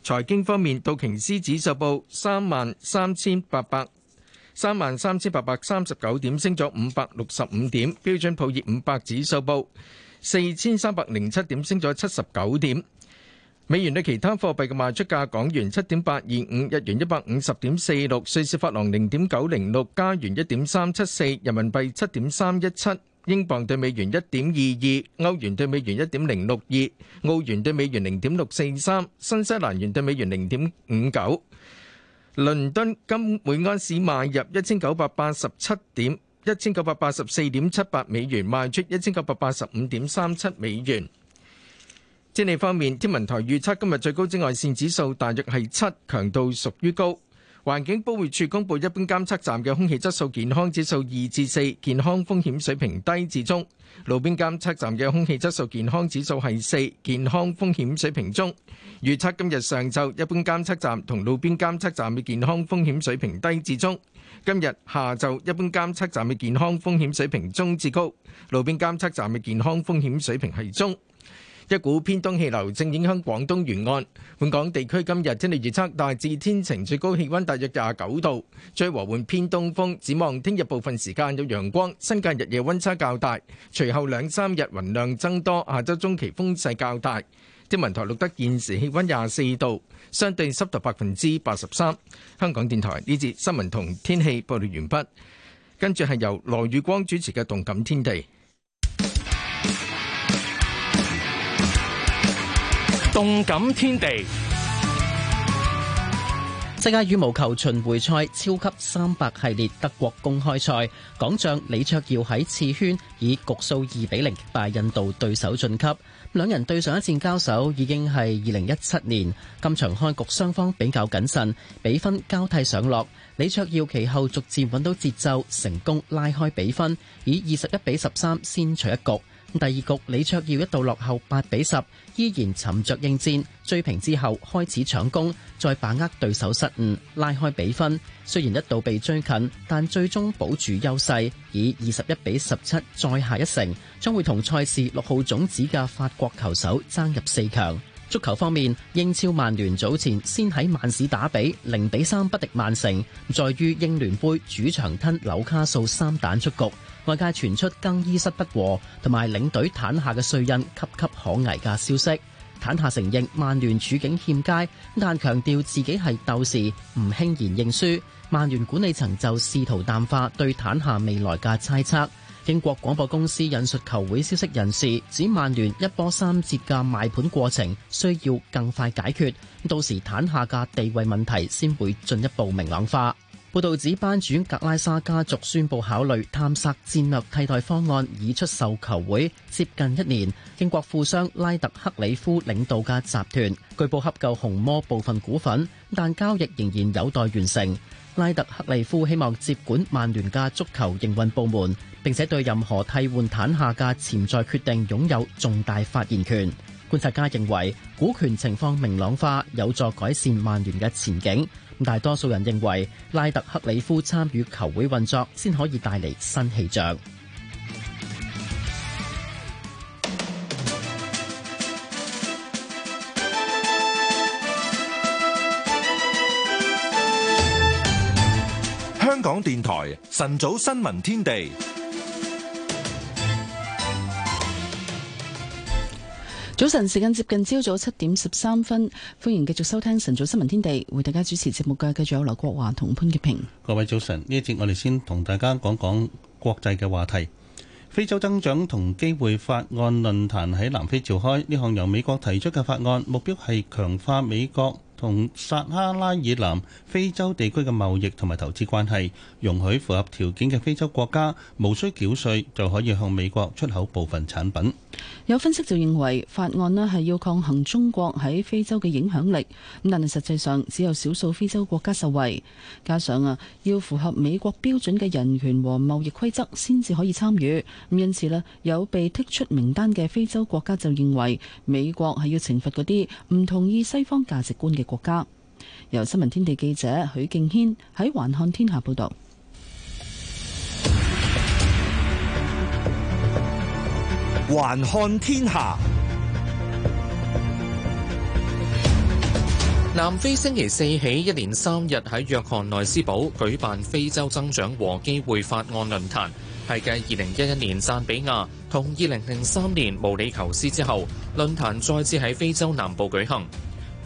財經方面，道瓊斯指數報三萬三千八百。三萬三千八百三十九點，升咗五百六十五點。標準普爾五百指數報四千三百零七點，升咗七十九點。美元對其他貨幣嘅賣出價：港元七點八二五，日元一百五十點四六，瑞士法郎零點九零六，加元一點三七四，人民幣七點三一七，英鎊對美元一點二二，歐元對美元一點零六二，澳元對美元零點六四三，新西蘭元對美元零點五九。倫敦金每盎司買入一千九百八十七點一千九百八十四點七八美元，賣出一千九百八十五點三七美元。天氣方面，天文台預測今日最高紫外線指數大約係七，強度屬於高。環境保護署公布一般監測站嘅空氣質素健康指數二至四，健康風險水平低至中；路邊監測站嘅空氣質素健康指數係四，健康風險水平中。預測今日上晝一般監測站同路邊監測站嘅健康風險水平低至中，今日下晝一般監測站嘅健康風險水平中至高，路邊監測站嘅健康風險水平係中。一股偏東氣流正影響廣東沿岸，本港地區今日天氣預測大致天晴，最高氣温大約廿九度，最和緩偏東風，展望聽日部分時間有陽光，新界日夜温差較大。隨後兩三日雲量增多，下周中期風勢較大。天文台錄得現時氣温廿四度，相對濕度百分之八十三。香港電台呢節新聞同天氣報道完畢，跟住係由羅宇光主持嘅《動感天地》。動感天地，世界羽毛球巡回賽超級三百系列德國公開賽，港將李卓耀喺次圈以局數二比零敗印度對手晉級。兩人對上一戰交手已經係二零一七年，今場開局雙方比較謹慎，比分交替上落。李卓耀其後逐漸揾到節奏，成功拉開比分，以二十一比十三先取一局。第二局李卓耀一度落後八比十，依然沉着應戰，追平之後開始搶攻，再把握對手失誤拉開比分。雖然一度被追近，但最終保住優勢，以二十一比十七再下一城，將會同賽事六號種子嘅法國球手爭入四強。足球方面，英超曼聯早前先喺曼市打比零比三不敵曼城，再於英聯杯主場吞紐卡素三蛋出局。外界傳出更衣室不和同埋領隊坦下嘅帥印岌岌可危嘅消息。坦下承認曼聯處境欠佳，但強調自己係鬥士，唔輕言認輸。曼聯管理層就試圖淡化對坦下未來嘅猜測。英國廣播公司引述球會消息人士指，曼聯一波三折嘅賣盤過程需要更快解決，到時坦下嘅地位問題先會進一步明朗化。報道指，班主格拉沙家族宣布考慮探索戰略替代方案，已出售球會接近一年。英國富商拉特克里夫領導嘅集團據報合購紅魔部分股份，但交易仍然有待完成。拉特克里夫希望接管曼聯嘅足球營運部門，並且對任何替換坦下嘅潛在決定擁有重大發言權。觀察家認為，股權情況明朗化有助改善曼聯嘅前景。大多數人認為，拉特克里夫參與球會運作，先可以帶嚟新氣象。香港電台晨早新聞天地。早晨，時間接近朝早七點十三分，歡迎繼續收聽晨早新聞天地，為大家主持節目嘅繼續有劉國華同潘潔平。各位早晨，呢一節我哋先同大家講講國際嘅話題。非洲增長同機會法案論壇喺南非召開，呢項由美國提出嘅法案，目標係強化美國同撒哈拉以南非洲地區嘅貿易同埋投資關係，容許符合條件嘅非洲國家無需繳稅就可以向美國出口部分產品。有分析就認為法案呢係要抗衡中國喺非洲嘅影響力，咁但係實際上只有少數非洲國家受惠，加上啊要符合美國標準嘅人權和貿易規則先至可以參與。因此啦，有被剔出名單嘅非洲國家就認為美國係要懲罰嗰啲唔同意西方價值觀嘅國家。由新聞天地記者許敬軒喺環看天下報道。還看天下，南非星期四起一連三日喺約翰內斯堡舉辦非洲增長和機會法案論壇，係繼二零一一年贊比亞同二零零三年毛里求斯之後，論壇再次喺非洲南部舉行。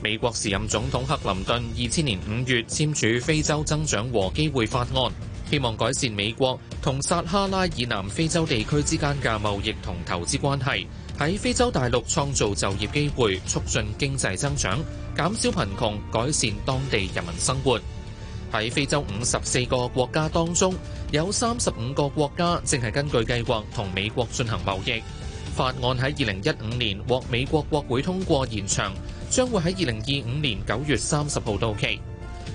美國時任總統克林頓二千年五月簽署非洲增長和機會法案。希望改善美國同撒哈拉以南非洲地區之間嘅貿易同投資關係，喺非洲大陸創造就業機會，促進經濟增長，減少貧窮，改善當地人民生活。喺非洲五十四個國家當中，有三十五個國家正係根據計劃同美國進行貿易。法案喺二零一五年獲美國國會通過延長，將會喺二零二五年九月三十號到期。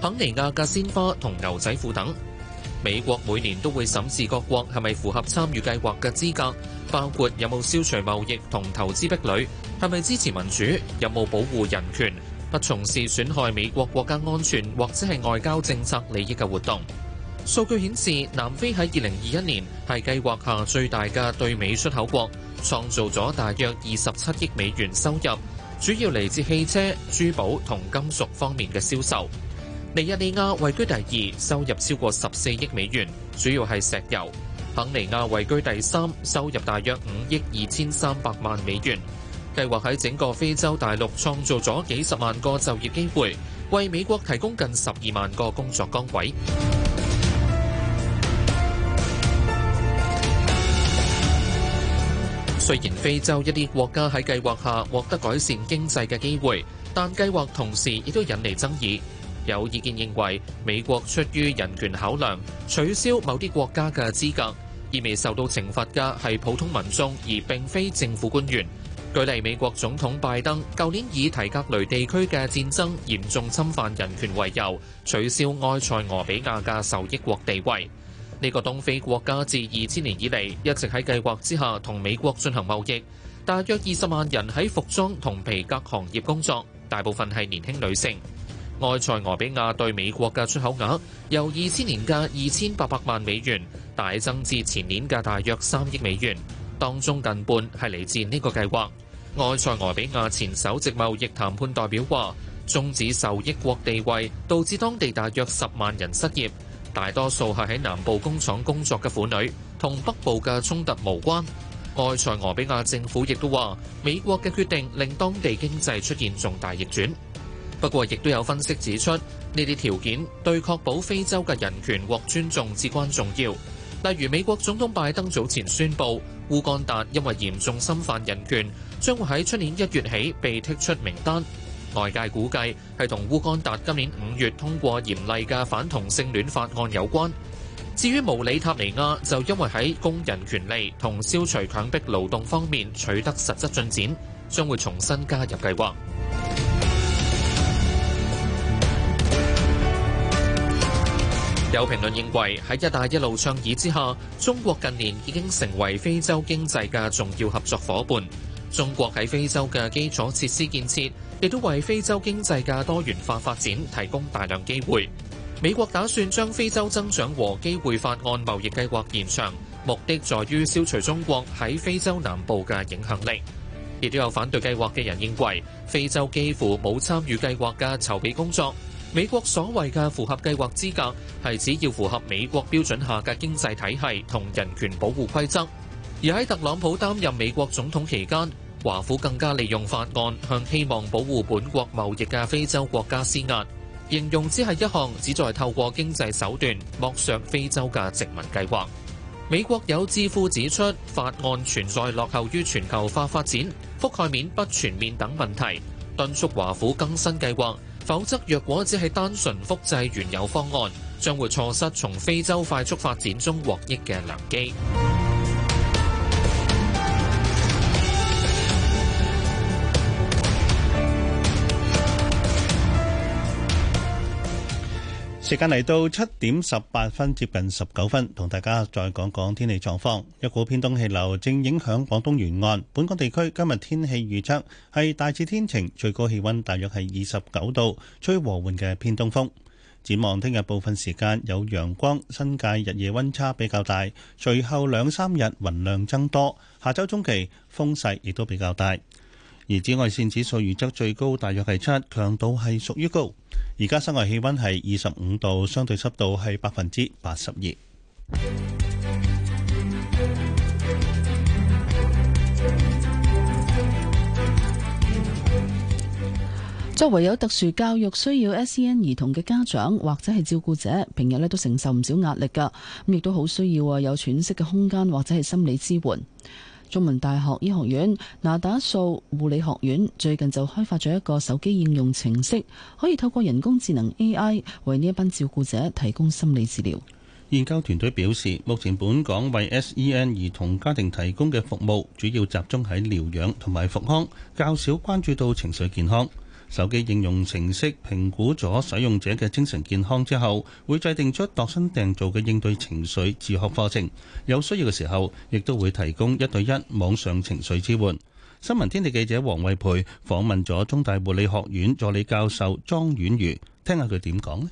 肯尼亞嘅鮮花同牛仔褲等。美國每年都會審視各國係咪符合參與計劃嘅資格，包括有冇消除貿易同投資壁壘，係咪支持民主，有冇保護人權，不從事損害美國國家安全或者係外交政策利益嘅活動。數據顯示，南非喺二零二一年係計劃下最大嘅對美出口國，創造咗大約二十七億美元收入，主要嚟自汽車、珠寶同金屬方面嘅銷售。尼日利亞位居第二，收入超過十四億美元，主要係石油。肯尼亞位居第三，收入大約五億二千三百萬美元。計劃喺整個非洲大陸創造咗幾十萬個就業機會，為美國提供近十二萬個工作崗位。 雖然非洲一啲國家喺計劃下獲得改善經濟嘅機會，但計劃同時亦都引嚟爭議。有意見認為，美國出於人權考量，取消某啲國家嘅資格，而未受到懲罰嘅係普通民眾，而並非政府官員。舉例，美國總統拜登舊年以提格雷地區嘅戰爭嚴重侵犯人權為由，取消埃塞俄比亞嘅受益國地位。呢個東非國家自二千年以嚟一直喺計劃之下同美國進行貿易，大約二十萬人喺服裝同皮革行業工作，大部分係年輕女性。埃塞俄比亞對美國嘅出口額由二千年嘅二千八百萬美元，大增至前年嘅大約三億美元，當中近半係嚟自呢個計劃。埃塞俄比亞前首席貿易談判代表話，中止受益國地位導致當地大約十萬人失業，大多數係喺南部工廠工作嘅婦女，同北部嘅衝突無關。埃塞俄比亞政府亦都話，美國嘅決定令當地經濟出現重大逆轉。不過，亦都有分析指出，呢啲條件對確保非洲嘅人權獲尊重至關重要。例如，美國總統拜登早前宣布，烏干達因為嚴重侵犯人權，將會喺出年一月起被剔出名單。外界估計係同烏干達今年五月通過嚴厲嘅反同性戀法案有關。至於毛里塔尼亞，就因為喺工人權利同消除強迫勞動方面取得實質進展，將會重新加入計劃。有評論認為，喺“一帶一路”倡議之下，中國近年已經成為非洲經濟嘅重要合作夥伴。中國喺非洲嘅基礎設施建設，亦都為非洲經濟嘅多元化發展提供大量機會。美國打算將非洲增長和機會法案貿易計劃延長，目的在於消除中國喺非洲南部嘅影響力。亦都有反對計劃嘅人認為，非洲幾乎冇參與計劃嘅籌備工作。美國所謂嘅符合計劃資格，係只要符合美國標準下嘅經濟體係同人權保護規則。而喺特朗普擔任美國總統期間，華府更加利用法案向希望保護本國貿易嘅非洲國家施壓，形容只係一項旨在透過經濟手段剝削非洲嘅殖民計劃。美國有智庫指出，法案存在落後於全球化發展、覆蓋面不全面等問題，敦促華府更新計劃。否則，若果只係單純複製原有方案，將會錯失從非洲快速發展中獲益嘅良機。時間嚟到七點十八分，接近十九分，同大家再講講天氣狀況。一股偏東氣流正影響廣東沿岸，本港地區今日天氣預測係大致天晴，最高氣溫大約係二十九度，吹和緩嘅偏東風。展望聽日部分時間有陽光，新界日夜溫差比較大。隨後兩三日雲量增多，下周中期風勢亦都比較大。而紫外線指數預測最高大約係七，強度係屬於高。而家室外氣溫係二十五度，相對濕度係百分之八十二。作為有特殊教育需要 SEN 兒童嘅家長或者係照顧者，平日咧都承受唔少壓力噶，咁亦都好需要啊有喘息嘅空間或者係心理支援。中文大學醫學院那打素護理學院最近就開發咗一個手機應用程式，可以透過人工智能 AI 為呢一班照顧者提供心理治療。研究團隊表示，目前本港為 SEN 兒童家庭提供嘅服務主要集中喺療養同埋復康，較少關注到情緒健康。手機應用程式評估咗使用者嘅精神健康之後，會制定出度身訂造嘅應對情緒自學課程，有需要嘅時候，亦都會提供一對一網上情緒支援。新聞天地記者黃慧培訪問咗中大護理學院助理教授莊婉如，聽下佢點講咧。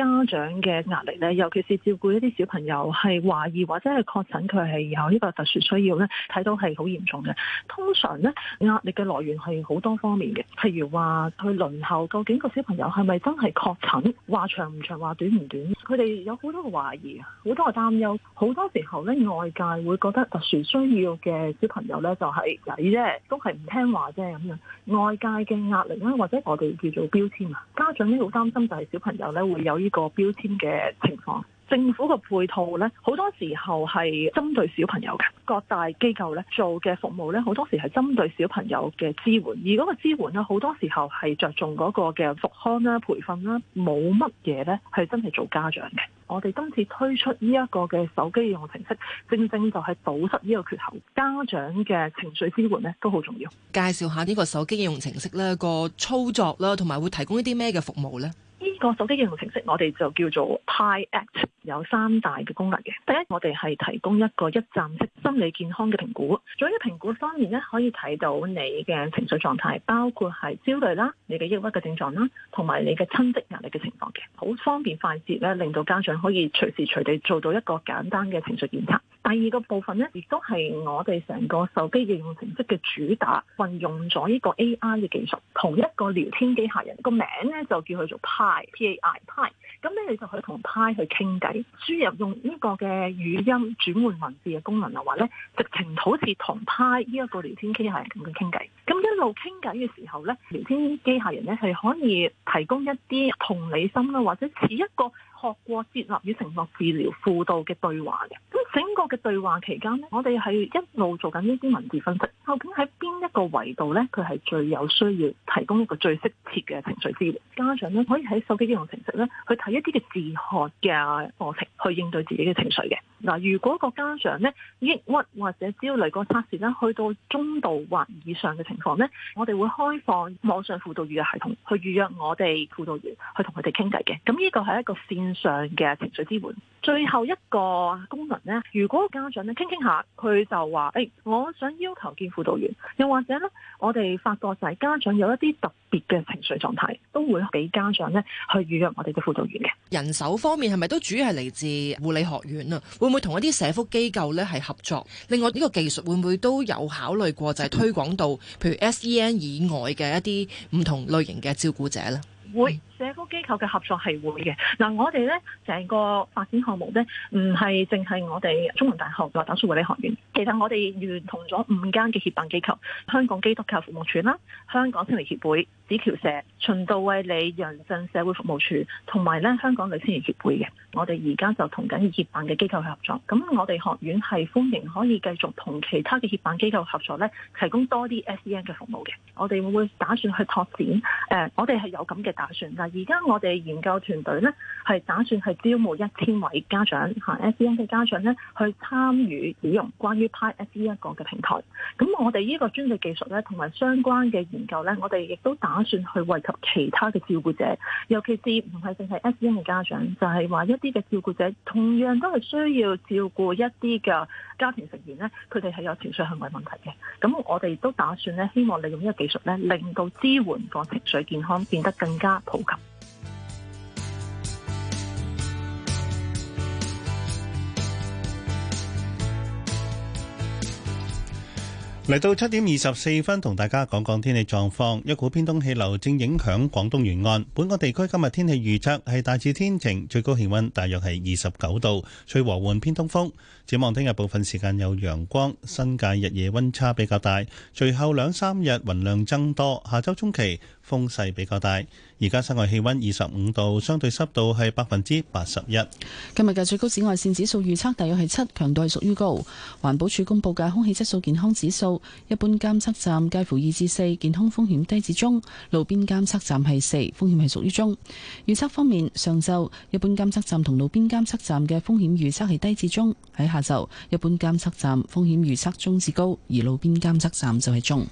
家長嘅壓力咧，尤其是照顧一啲小朋友係懷疑或者係確診佢係有呢個特殊需要咧，睇到係好嚴重嘅。通常咧壓力嘅來源係好多方面嘅，譬如話去輪候，究竟個小朋友係咪真係確診？話長唔長，話短唔短，佢哋有好多嘅懷疑，好多嘅擔憂。好多時候咧，外界會覺得特殊需要嘅小朋友咧就係曳啫，都係唔聽話啫咁樣。外界嘅壓力咧，或者我哋叫做標籤啊，家長呢，好擔心就係小朋友咧會有個標籤嘅情況，政府嘅配套呢，好多時候係針對小朋友嘅。各大機構呢，做嘅服務呢，好多時係針對小朋友嘅支援，而嗰個支援呢，好多時候係着重嗰個嘅復康啦、培訓啦，冇乜嘢呢，係真係做家長嘅。我哋今次推出呢一個嘅手機應用程式，正正就係堵塞呢個缺口。家長嘅情緒支援呢，都好重要。介紹下呢個手機應用程式呢個操作啦，同埋會提供一啲咩嘅服務呢？呢個手機應用程式，我哋就叫做 Pi a p t 有三大嘅功能嘅。第一，我哋係提供一個一站式心理健康嘅評估。一以評估方面咧，可以睇到你嘅情緒狀態，包括係焦慮啦、你嘅抑鬱嘅症狀啦，同埋你嘅親職壓力嘅情況嘅，好方便快捷咧，令到家長可以隨時隨地做到一個簡單嘅情緒檢查。第二個部分呢，亦都係我哋成個手機應用程式嘅主打，運用咗呢個 AI 嘅技術，同一個聊天機械人個名呢，就叫佢做 Pi，P A I，Pi 咁呢，你就可以同 Pi 去傾偈，輸入用呢個嘅語音轉換文字嘅功能啊，話呢直情好似同 Pi 呢一個聊天機械人咁樣傾偈，咁一路傾偈嘅時候呢，聊天機械人呢係可以提供一啲同理心啦，或者似一個。學過接納與承諾治療輔導嘅對話嘅，咁整個嘅對話期間呢，我哋係一路做緊呢啲文字分析，究竟喺邊一個維度呢？佢係最有需要提供一個最適切嘅情緒支援。家長呢，可以喺手機應用程式呢去睇一啲嘅自學嘅課程，去應對自己嘅情緒嘅。嗱，如果個家長呢，抑鬱或者焦慮個測試呢，去到中度或以上嘅情況呢，我哋會開放網上輔導預約系統去預約我哋輔導員去同佢哋傾偈嘅。咁呢個係一個綫上嘅情緒支援，最後一個功能咧，如果家長咧傾傾下，佢就話誒、欸，我想要求見輔導員，又或者咧，我哋發覺就係家長有一啲特別嘅情緒狀態，都會俾家長咧去預約我哋嘅輔導員嘅。人手方面係咪都主要係嚟自護理學院啊？會唔會同一啲社福機構咧係合作？另外呢、這個技術會唔會都有考慮過就係推廣到，譬如 S E N 以外嘅一啲唔同類型嘅照顧者咧？會社福機構嘅合作係會嘅嗱，ahora, 我哋咧成個發展項目咧唔係淨係我哋中文大學嘅特殊護理學院，其實我哋聯同咗五間嘅協辦機構：香港基督教服務處啦、香港青年協會、紙橋社、循道衛理楊震社會服務處，同埋咧香港女青年協會嘅。我哋而家就同緊協辦嘅機構去合作。咁我哋學院係歡迎可以繼續同其他嘅協辦機構合作咧，提供多啲 SEN 嘅服務嘅。我哋會打算去拓展，誒、呃，我哋係有咁嘅。打算嗱，而家我哋研究團隊咧，係打算係招募一千位家長吓 S E N 嘅家長咧，去參與使用關於 Pi S E 一個嘅平台。咁我哋呢個專利技術咧，同埋相關嘅研究咧，我哋亦都打算去惠及其他嘅照顧者，尤其是唔係淨係 S E N 嘅家長，就係話一啲嘅照顧者同樣都係需要照顧一啲嘅家庭成員咧，佢哋係有情緒行為問題嘅。咁我哋都打算咧，希望利用呢個技術咧，令到支援個情緒健康變得更加。普及。嚟到七點二十四分，同大家講講天氣狀況。一股偏東氣流正影響廣東沿岸，本港地區今日天氣預測係大致天晴，最高氣溫大約係二十九度，吹和緩偏東風。展望聽日部分時間有陽光，新界日夜溫差比較大。隨後兩三日雲量增多，下周中期。風勢比較大，而家室外氣溫二十五度，相對濕度係百分之八十一。今日嘅最高紫外線指數預測大約係七，強度係屬於高。環保署公佈嘅空氣質素健康指數，一般監測站介乎二至四，健康風險低至中；路邊監測站係四，風險係屬於中。預測方面，上晝一般監測站同路邊監測站嘅風險預測係低至中；喺下晝，一般監測站風險預測中至高，而路邊監測站就係中。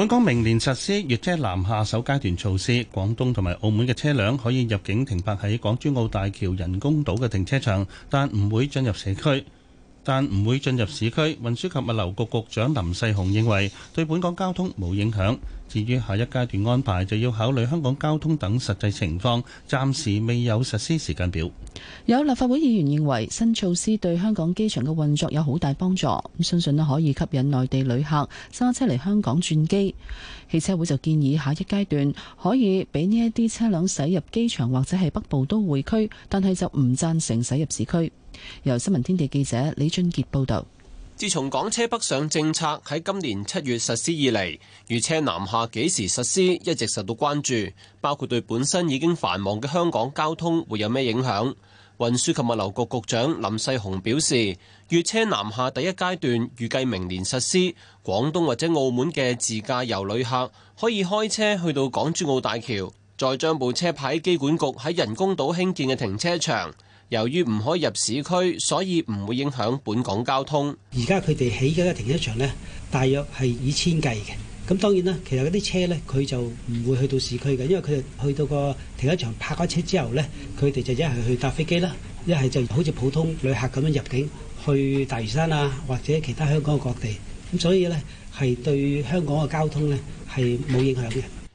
本港明年實施粵車南下首階段措施，廣東同埋澳門嘅車輛可以入境停泊喺港珠澳大橋人工島嘅停車場，但唔會進入社區。但唔會進入市區，運輸及物流局局長林世雄認為對本港交通冇影響，至於下一階段安排，就要考慮香港交通等實際情況，暫時未有實施時間表。有立法會議員認為新措施對香港機場嘅運作有好大幫助，相信咧可以吸引內地旅客揸車嚟香港轉機，汽車會就建議下一階段可以俾呢一啲車輛駛入機場或者係北部都會區，但係就唔讚成駛入市區。由新聞天地記者李俊杰報道。自從港車北上政策喺今年七月實施以嚟，粵車南下幾時實施一直受到關注，包括對本身已經繁忙嘅香港交通會有咩影響。運輸及物流局局長林世雄表示，粵車南下第一階段預計明年實施。廣東或者澳門嘅自駕遊旅客可以開車去到港珠澳大橋，再將部車泊喺機管局喺人工島興建嘅停車場。由於唔可以入市區，所以唔會影響本港交通。而家佢哋起嘅停車場呢，大約係以千計嘅。咁當然啦，其實嗰啲車呢，佢就唔會去到市區嘅，因為佢哋去到個停車場泊開車之後呢，佢哋就一係去搭飛機啦，一係就好似普通旅客咁樣入境去大嶼山啊，或者其他香港嘅各地。咁所以呢，係對香港嘅交通呢，係冇影響嘅。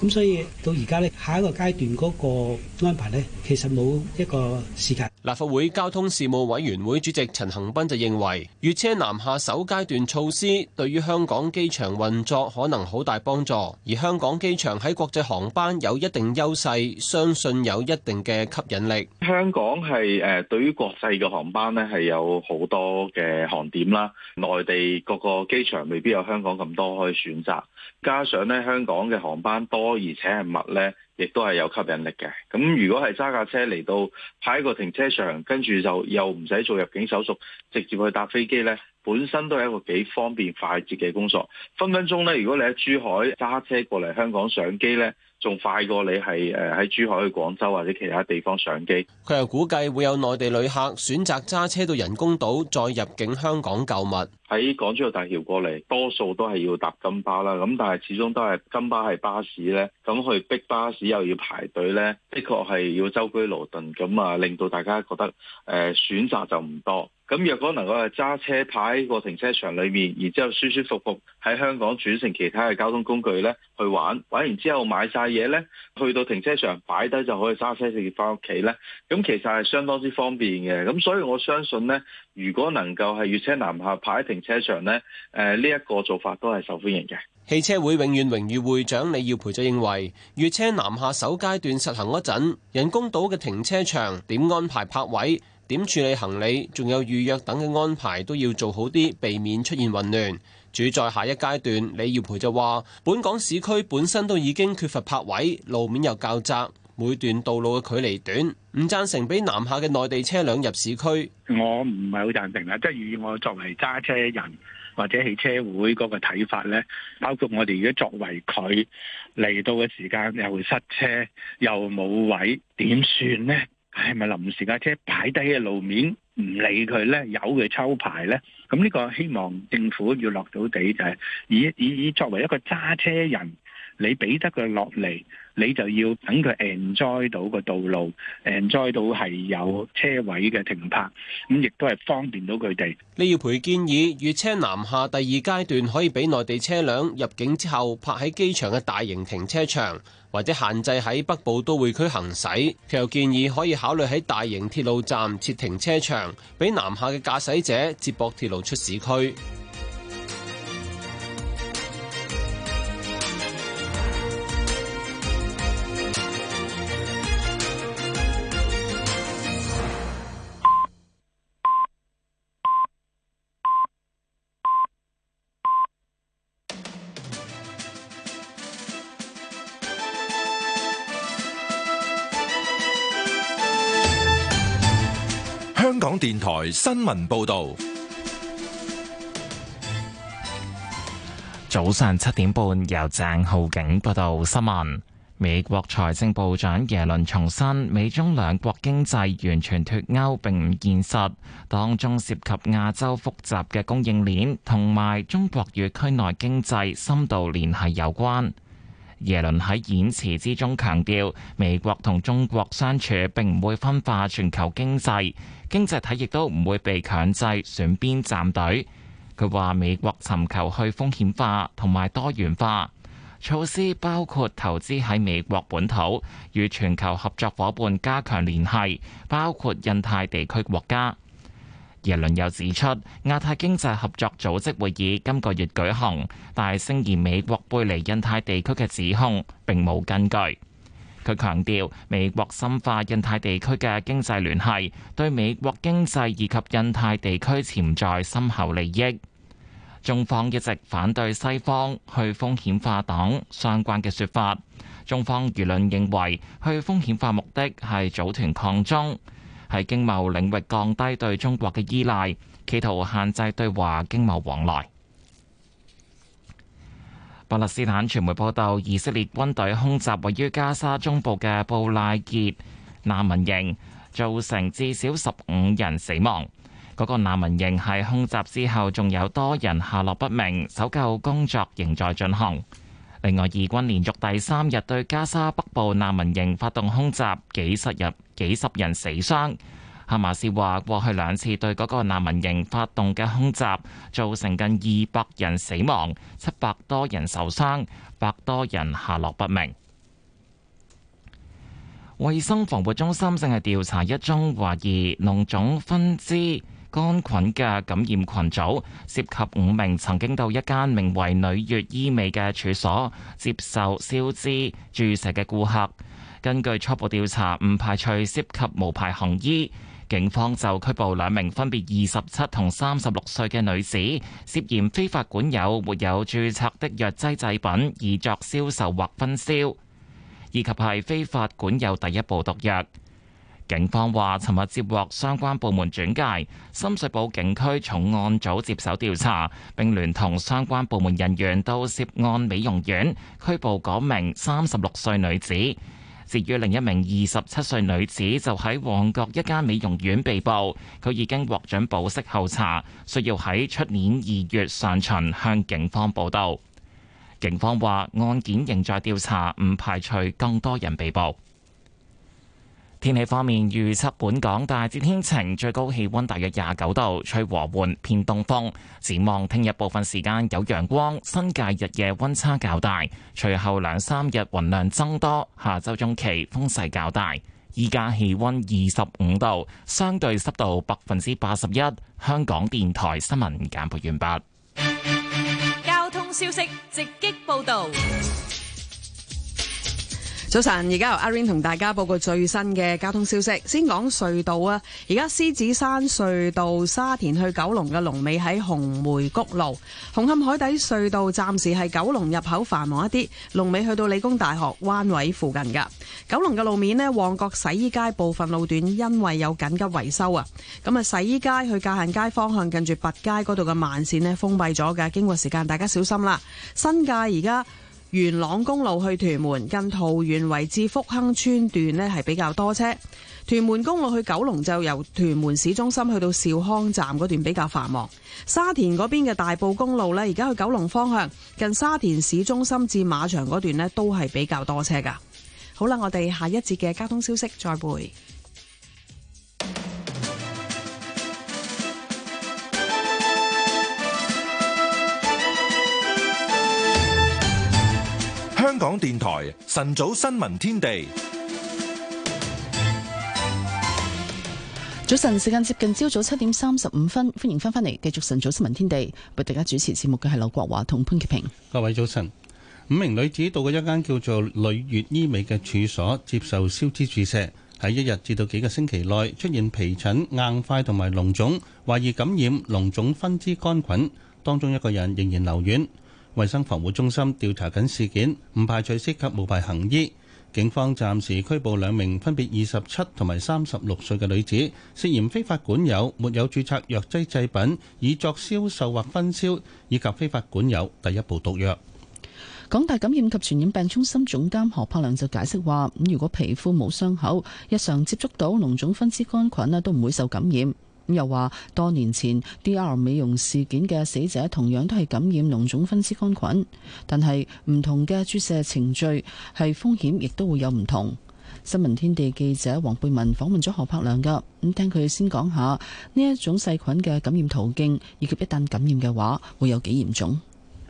咁所以到而家咧，下一個階段嗰個安排咧，其實冇一個時間。立法會交通事務委員會主席陳恆斌就認為，粵車南下首階段措施對於香港機場運作可能好大幫助，而香港機場喺國際航班有一定優勢，相信有一定嘅吸引力。香港係誒對於國際嘅航班咧，係有好多嘅航點啦，內地各個機場未必有香港咁多可以選擇。加上咧，香港嘅航班多，而且係密咧，亦都係有吸引力嘅。咁如果係揸架車嚟到泊一個停車場，跟住就又唔使做入境手續，直接去搭飛機咧，本身都係一個幾方便快捷嘅工作。分分鐘咧，如果你喺珠海揸車過嚟香港上機咧，仲快過你係誒喺珠海去廣州或者其他地方上機。佢又估計會有內地旅客選擇揸車到人工島，再入境香港購物。喺港珠澳大橋過嚟，多數都係要搭金巴啦。咁但係始終都係金巴係巴士呢。咁去逼巴士又要排隊呢，的確係要舟車勞頓。咁啊，令到大家覺得誒、呃、選擇就唔多。咁若果能夠我係揸車泊喺個停車場裏面，然之後舒舒服服喺香港轉乘其他嘅交通工具呢，去玩。玩完之後買晒嘢呢，去到停車場擺低就可以揸車直接翻屋企呢。咁其實係相當之方便嘅。咁所以我相信呢。如果能夠係粵車南下泊喺停車場呢，誒呢一個做法都係受歡迎嘅。汽車會永遠榮譽會長李耀培就認為，粵車南下首階段實行嗰陣，人工島嘅停車場點安排泊位、點處理行李、仲有預約等嘅安排都要做好啲，避免出現混亂。主在下一階段，李耀培就話，本港市區本身都已經缺乏泊位，路面又較窄。每段道路嘅距離短，唔贊成俾南下嘅內地車輛入市區。我唔係好贊成啦，即係以我作為揸車人或者汽車會嗰個睇法呢，包括我哋如果作為佢嚟到嘅時間又塞車又冇位，點算呢？係咪臨時架車擺低喺路面唔理佢呢？有佢抽牌呢？咁呢個希望政府要落到地嘅，就係、以以以作為一個揸車人。你俾得佢落嚟，你就要等佢 enjoy 到個道路，enjoy 到係有車位嘅停泊，咁亦都係方便到佢哋。李耀培建議，粵車南下第二階段可以俾內地車輛入境之後泊喺機場嘅大型停車場，或者限制喺北部都會區行駛。佢又建議可以考慮喺大型鐵路站設停車場，俾南下嘅駕駛者接駁鐵路出市區。台新聞報道，早上七點半由鄭浩景報道新聞。美國財政部長耶倫重申，美中兩國經濟完全脱鈎並唔現實，當中涉及亞洲複雜嘅供應鏈，同埋中國與區內經濟深度聯繫有關。耶倫喺演辭之中強調，美國同中國相處並唔會分化全球經濟，經濟體亦都唔會被強制選邊站隊。佢話美國尋求去風險化同埋多元化措施，包括投資喺美國本土，與全球合作夥伴加強聯繫，包括印太地區國家。耶倫又指出，亞太經濟合作組織會議今個月舉行，但係聲言美國背離印太地區嘅指控並冇根據。佢強調，美國深化印太地區嘅經濟聯繫，對美國經濟以及印太地區潛在深厚利益。中方一直反對西方去風險化黨相關嘅說法。中方輿論認為，去風險化目的係組團抗中。喺經貿領域降低對中國嘅依賴，企圖限制對華經貿往來。巴勒斯坦傳媒報道，以色列軍隊空襲位於加沙中部嘅布拉杰難民營，造成至少十五人死亡。嗰個難民營喺空襲之後，仲有多人下落不明，搜救工作仍在進行。另外，以軍連續第三日對加沙北部難民營發動空襲，幾十日幾十人死傷。哈馬斯話，過去兩次對嗰個難民營發動嘅空襲，造成近二百人死亡，七百多人受傷，百多人下落不明。衞生防護中心正係調查一宗懷疑膿腫分枝肝菌嘅感染群組，涉及五名曾經到一間名為女悅醫美嘅處所接受消脂注射嘅顧客。根據初步調查，唔排除涉及無牌行醫，警方就拘捕兩名分別二十七同三十六歲嘅女子，涉嫌非法管有沒有註冊的藥劑製品以作銷售或分銷，以及係非法管有第一部毒藥。警方話，尋日接獲相關部門轉介，深水埗警區重案組接手調查，並聯同相關部門人員到涉案美容院拘捕嗰名三十六歲女子。至於另一名二十七歲女子就喺旺角一間美容院被捕，佢已經獲准保釋候查，需要喺出年二月上旬向警方報到。警方話：案件仍在調查，唔排除更多人被捕。天氣方面，預測本港大致天晴，最高氣溫大約廿九度，吹和緩偏東風。展望聽日部分時間有陽光，新界日夜溫差較大。隨後兩三日雲量增多，下周中期風勢較大。而家氣溫二十五度，相對濕度百分之八十一。香港電台新聞簡報完畢。交通消息直擊報道。早晨，而家由阿 Ring 同大家報告最新嘅交通消息。先講隧道啊，而家獅子山隧道沙田去九龍嘅龍尾喺紅梅谷路，紅磡海底隧道暫時係九龍入口繁忙一啲，龍尾去到理工大學灣位附近噶。九龍嘅路面呢，旺角洗衣街部分路段因為有緊急維修啊，咁啊洗衣街去界限街方向近住拔街嗰度嘅慢線呢封閉咗㗎，經過時間大家小心啦。新界而家。元朗公路去屯門近桃園圍至福亨村段呢係比較多車，屯門公路去九龍就由屯門市中心去到兆康站嗰段比較繁忙，沙田嗰邊嘅大埔公路呢，而家去九龍方向近沙田市中心至馬場嗰段呢，都係比較多車噶。好啦，我哋下一節嘅交通消息再會。香港電台晨早新聞天地，早晨時間接近朝早七點三十五分，歡迎翻返嚟繼續晨早新聞天地，為大家主持節目嘅係劉國華同潘潔平。各位早晨，五名女子到過一間叫做“綠月醫美”嘅處所接受消脂注射，喺一日至到幾個星期內出現皮疹、硬塊同埋膿腫，懷疑感染膿腫分支桿菌，當中一個人仍然留院。衛生防護中心調查緊事件，唔排除涉及無牌行醫。警方暫時拘捕兩名分別二十七同埋三十六歲嘅女子，涉嫌非法管有沒有註冊藥劑製品以作銷售或分銷，以及非法管有第一部毒藥。港大感染及傳染病中心總監何柏良就解釋話：如果皮膚冇傷口，日常接觸到膿腫分支桿菌咧，都唔會受感染。咁又話多年前 DR 美容事件嘅死者同樣都係感染膿腫分枝桿菌，但係唔同嘅注射程序係風險亦都會有唔同。新聞天地記者黃貝文訪問咗何柏良噶，咁聽佢先講下呢一種細菌嘅感染途徑，以及一旦感染嘅話會有幾嚴重。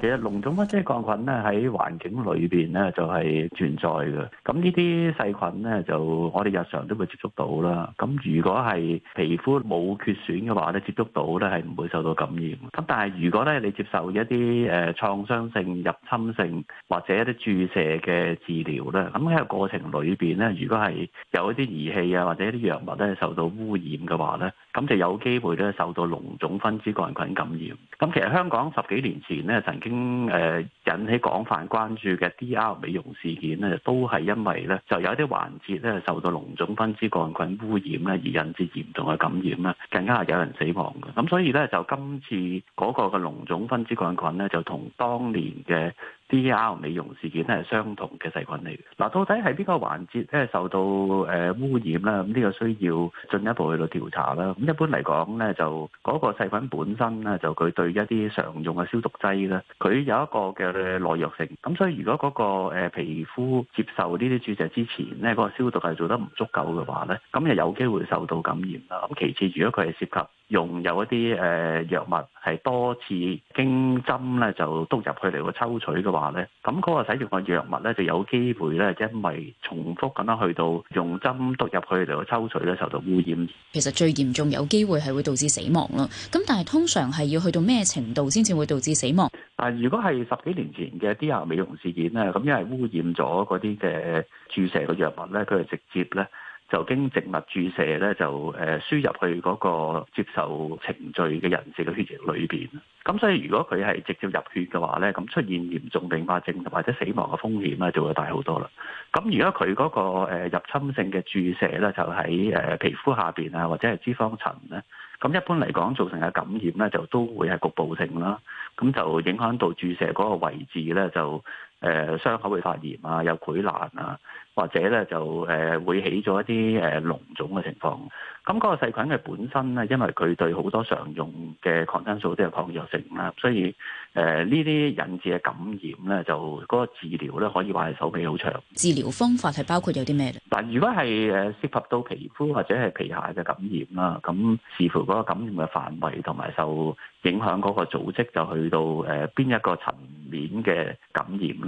其實膿腫分枝桿菌咧喺環境裏邊咧就係存在嘅，咁呢啲細菌咧就我哋日常都會接觸到啦。咁如果係皮膚冇缺損嘅話咧，接觸到咧係唔會受到感染。咁但係如果咧你接受一啲誒創傷性、入侵性或者一啲注射嘅治療咧，咁喺個過程裏邊咧，如果係有一啲儀器啊或者一啲藥物咧受到污染嘅話咧，咁就有機會咧受到膿腫分枝桿菌感染。咁其實香港十幾年前咧曾經。誒引起廣泛關注嘅 DR 美容事件咧，都係因為咧就有啲環節咧受到膿腫分枝桿菌污染咧，而引致嚴重嘅感染咧，更加係有人死亡嘅。咁所以咧，就今次嗰個嘅膿腫分枝桿菌咧，就同當年嘅。D.R. 美容事件咧係相同嘅細菌嚟嘅，嗱、啊、到底係邊個環節咧受到誒、呃、污染啦？咁、嗯、呢、這個需要進一步去到調查啦。咁、嗯、一般嚟講咧，就嗰、那個細菌本身咧就佢對一啲常用嘅消毒劑咧，佢有一個嘅耐藥性。咁、嗯、所以如果嗰個皮膚接受呢啲注射之前咧，嗰、那個消毒係做得唔足夠嘅話咧，咁就有機會受到感染啦。咁、嗯、其次，如果佢係涉及用有一啲誒、呃、藥物係多次經針咧就督入去嚟個抽取嘅話，話咧，咁嗰個使用嘅藥物咧，就有機會咧，因為重複咁樣去到用針督入去嚟去抽取咧，受到污染。其實最嚴重有機會係會導致死亡咯。咁但係通常係要去到咩程度先至會導致死亡？但如果係十幾年前嘅啲啊美容事件咧，咁因為污染咗嗰啲嘅注射嘅藥物咧，佢係直接咧。就經植物注射咧，就誒、呃、輸入去嗰個接受程序嘅人士嘅血液裏邊。咁所以，如果佢係直接入血嘅話咧，咁出現嚴重併發症或者死亡嘅風險咧，就會大好多啦。咁如果佢嗰、嗰個、呃、入侵性嘅注射咧，就喺誒皮膚下邊啊，或者係脂肪層咧，咁一般嚟講造成嘅感染咧，就都會係局部性啦。咁就影響到注射嗰個位置咧，就。誒傷口會發炎啊，有潰爛啊，或者咧就誒會起咗一啲誒膿腫嘅情況。咁嗰個細菌嘅本身咧，因為佢對好多常用嘅抗生素都有抗藥性啦，所以誒呢啲引致嘅感染咧，就嗰個治療咧可以話係手尾好長。治療方法係包括有啲咩咧？嗱，如果係誒涉及到皮膚或者係皮下嘅感染啦，咁視乎嗰個感染嘅範圍同埋受影響嗰個組織就去到誒邊一個層面嘅感染。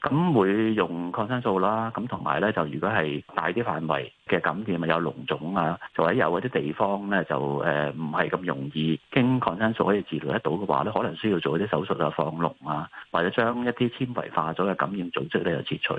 咁會用抗生素啦，咁同埋咧就如果係大啲範圍嘅感染啊，有膿腫啊，或者有嗰啲地方咧就誒唔係咁容易經抗生素可以治療得到嘅話咧，可能需要做一啲手術啊、放膿啊，或者將一啲纖維化咗嘅感染組織咧又切除。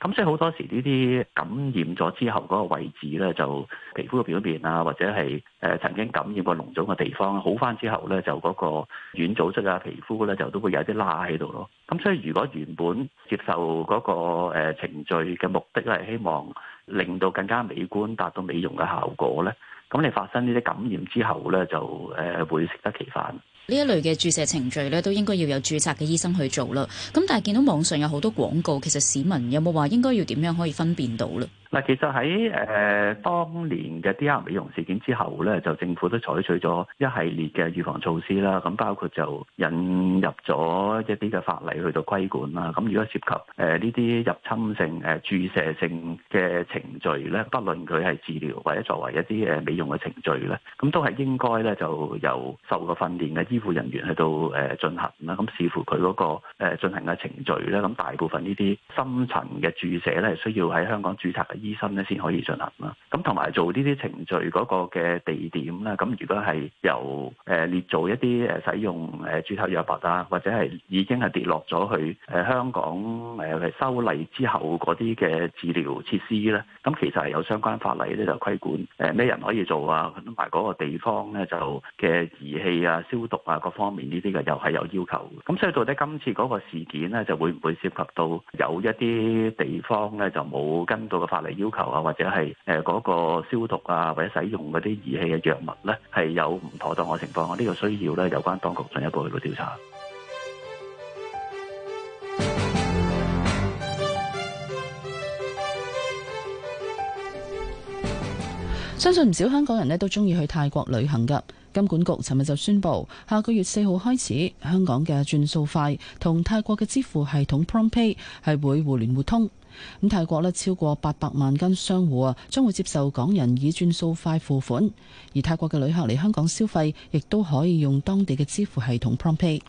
咁所以好多時呢啲感染咗之後嗰個位置咧，就皮膚嘅表面啊，或者係誒、呃、曾經感染過膿腫嘅地方好返之後咧，就嗰個軟組織啊、皮膚咧就都會有啲拉喺度咯。咁所以如果原本，受嗰個誒程序嘅目的咧，係希望令到更加美觀，達到美容嘅效果咧。咁你發生呢啲感染之後咧，就誒會適得其反。呢一類嘅注射程序咧，都應該要有註冊嘅醫生去做啦。咁但係見到網上有好多廣告，其實市民有冇話應該要點樣可以分辨到咧？嗱，其實喺誒、呃、當年嘅 DR 美容事件之後咧，就政府都採取咗一系列嘅預防措施啦。咁包括就引入咗一啲嘅法例去到規管啦。咁如果涉及誒呢啲入侵性誒、呃、注射性嘅程序咧，不論佢係治療或者作為一啲誒美容嘅程序咧，咁都係應該咧就由受過訓練嘅醫護人員去到誒、呃、進行啦。咁視乎佢嗰、那個誒、呃、進行嘅程序咧，咁大部分呢啲深層嘅注射咧，需要喺香港註冊嘅醫生咧先可以進行啦。咁同埋做呢啲程序嗰個嘅地點咧，咁如果係由誒列做一啲誒使用誒注射藥物啊，或者係已經係跌落咗去誒香港誒修例之後嗰啲嘅治療設施咧，咁其實係有相關法例咧就規管誒咩人可以做啊，同埋嗰個地方咧就嘅儀器啊、消毒啊各方面呢啲嘅又係有要求。咁所以到底今次嗰個事件咧，就會唔會涉及到有一啲地方咧就冇跟到個法例？要求啊，或者係誒嗰個消毒啊，或者使用嗰啲儀器嘅藥物咧，係有唔妥當嘅情況，呢個需要咧，有關當局進一步去到調查。相信唔少香港人咧都中意去泰國旅行噶。金管局尋日就宣布，下個月四號開始，香港嘅轉數快同泰國嘅支付系統 Prompt Pay 係會互聯互通。咁泰國呢，超過八百萬間商戶啊，將會接受港人以轉數快付款，而泰國嘅旅客嚟香港消費，亦都可以用當地嘅支付系統 PromptPay。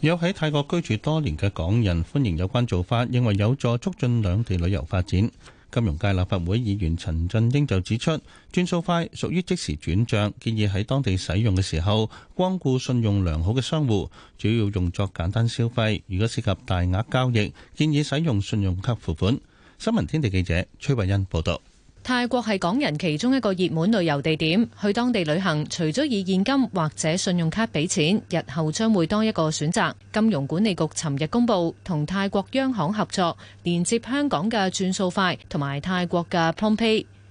有喺泰國居住多年嘅港人歡迎有關做法，認為有助促進兩地旅遊發展。金融界立法會議員陳振英就指出，轉數快屬於即時轉賬，建議喺當地使用嘅時候，光顧信用良好嘅商戶，主要用作簡單消費。如果涉及大額交易，建議使用信用卡付款。新聞天地記者崔慧欣報道。泰國係港人其中一個熱門旅遊地點，去當地旅行除咗以現金或者信用卡俾錢，日後將會多一個選擇。金融管理局尋日公布，同泰國央行合作，連接香港嘅轉數快同埋泰國嘅 PromptPay。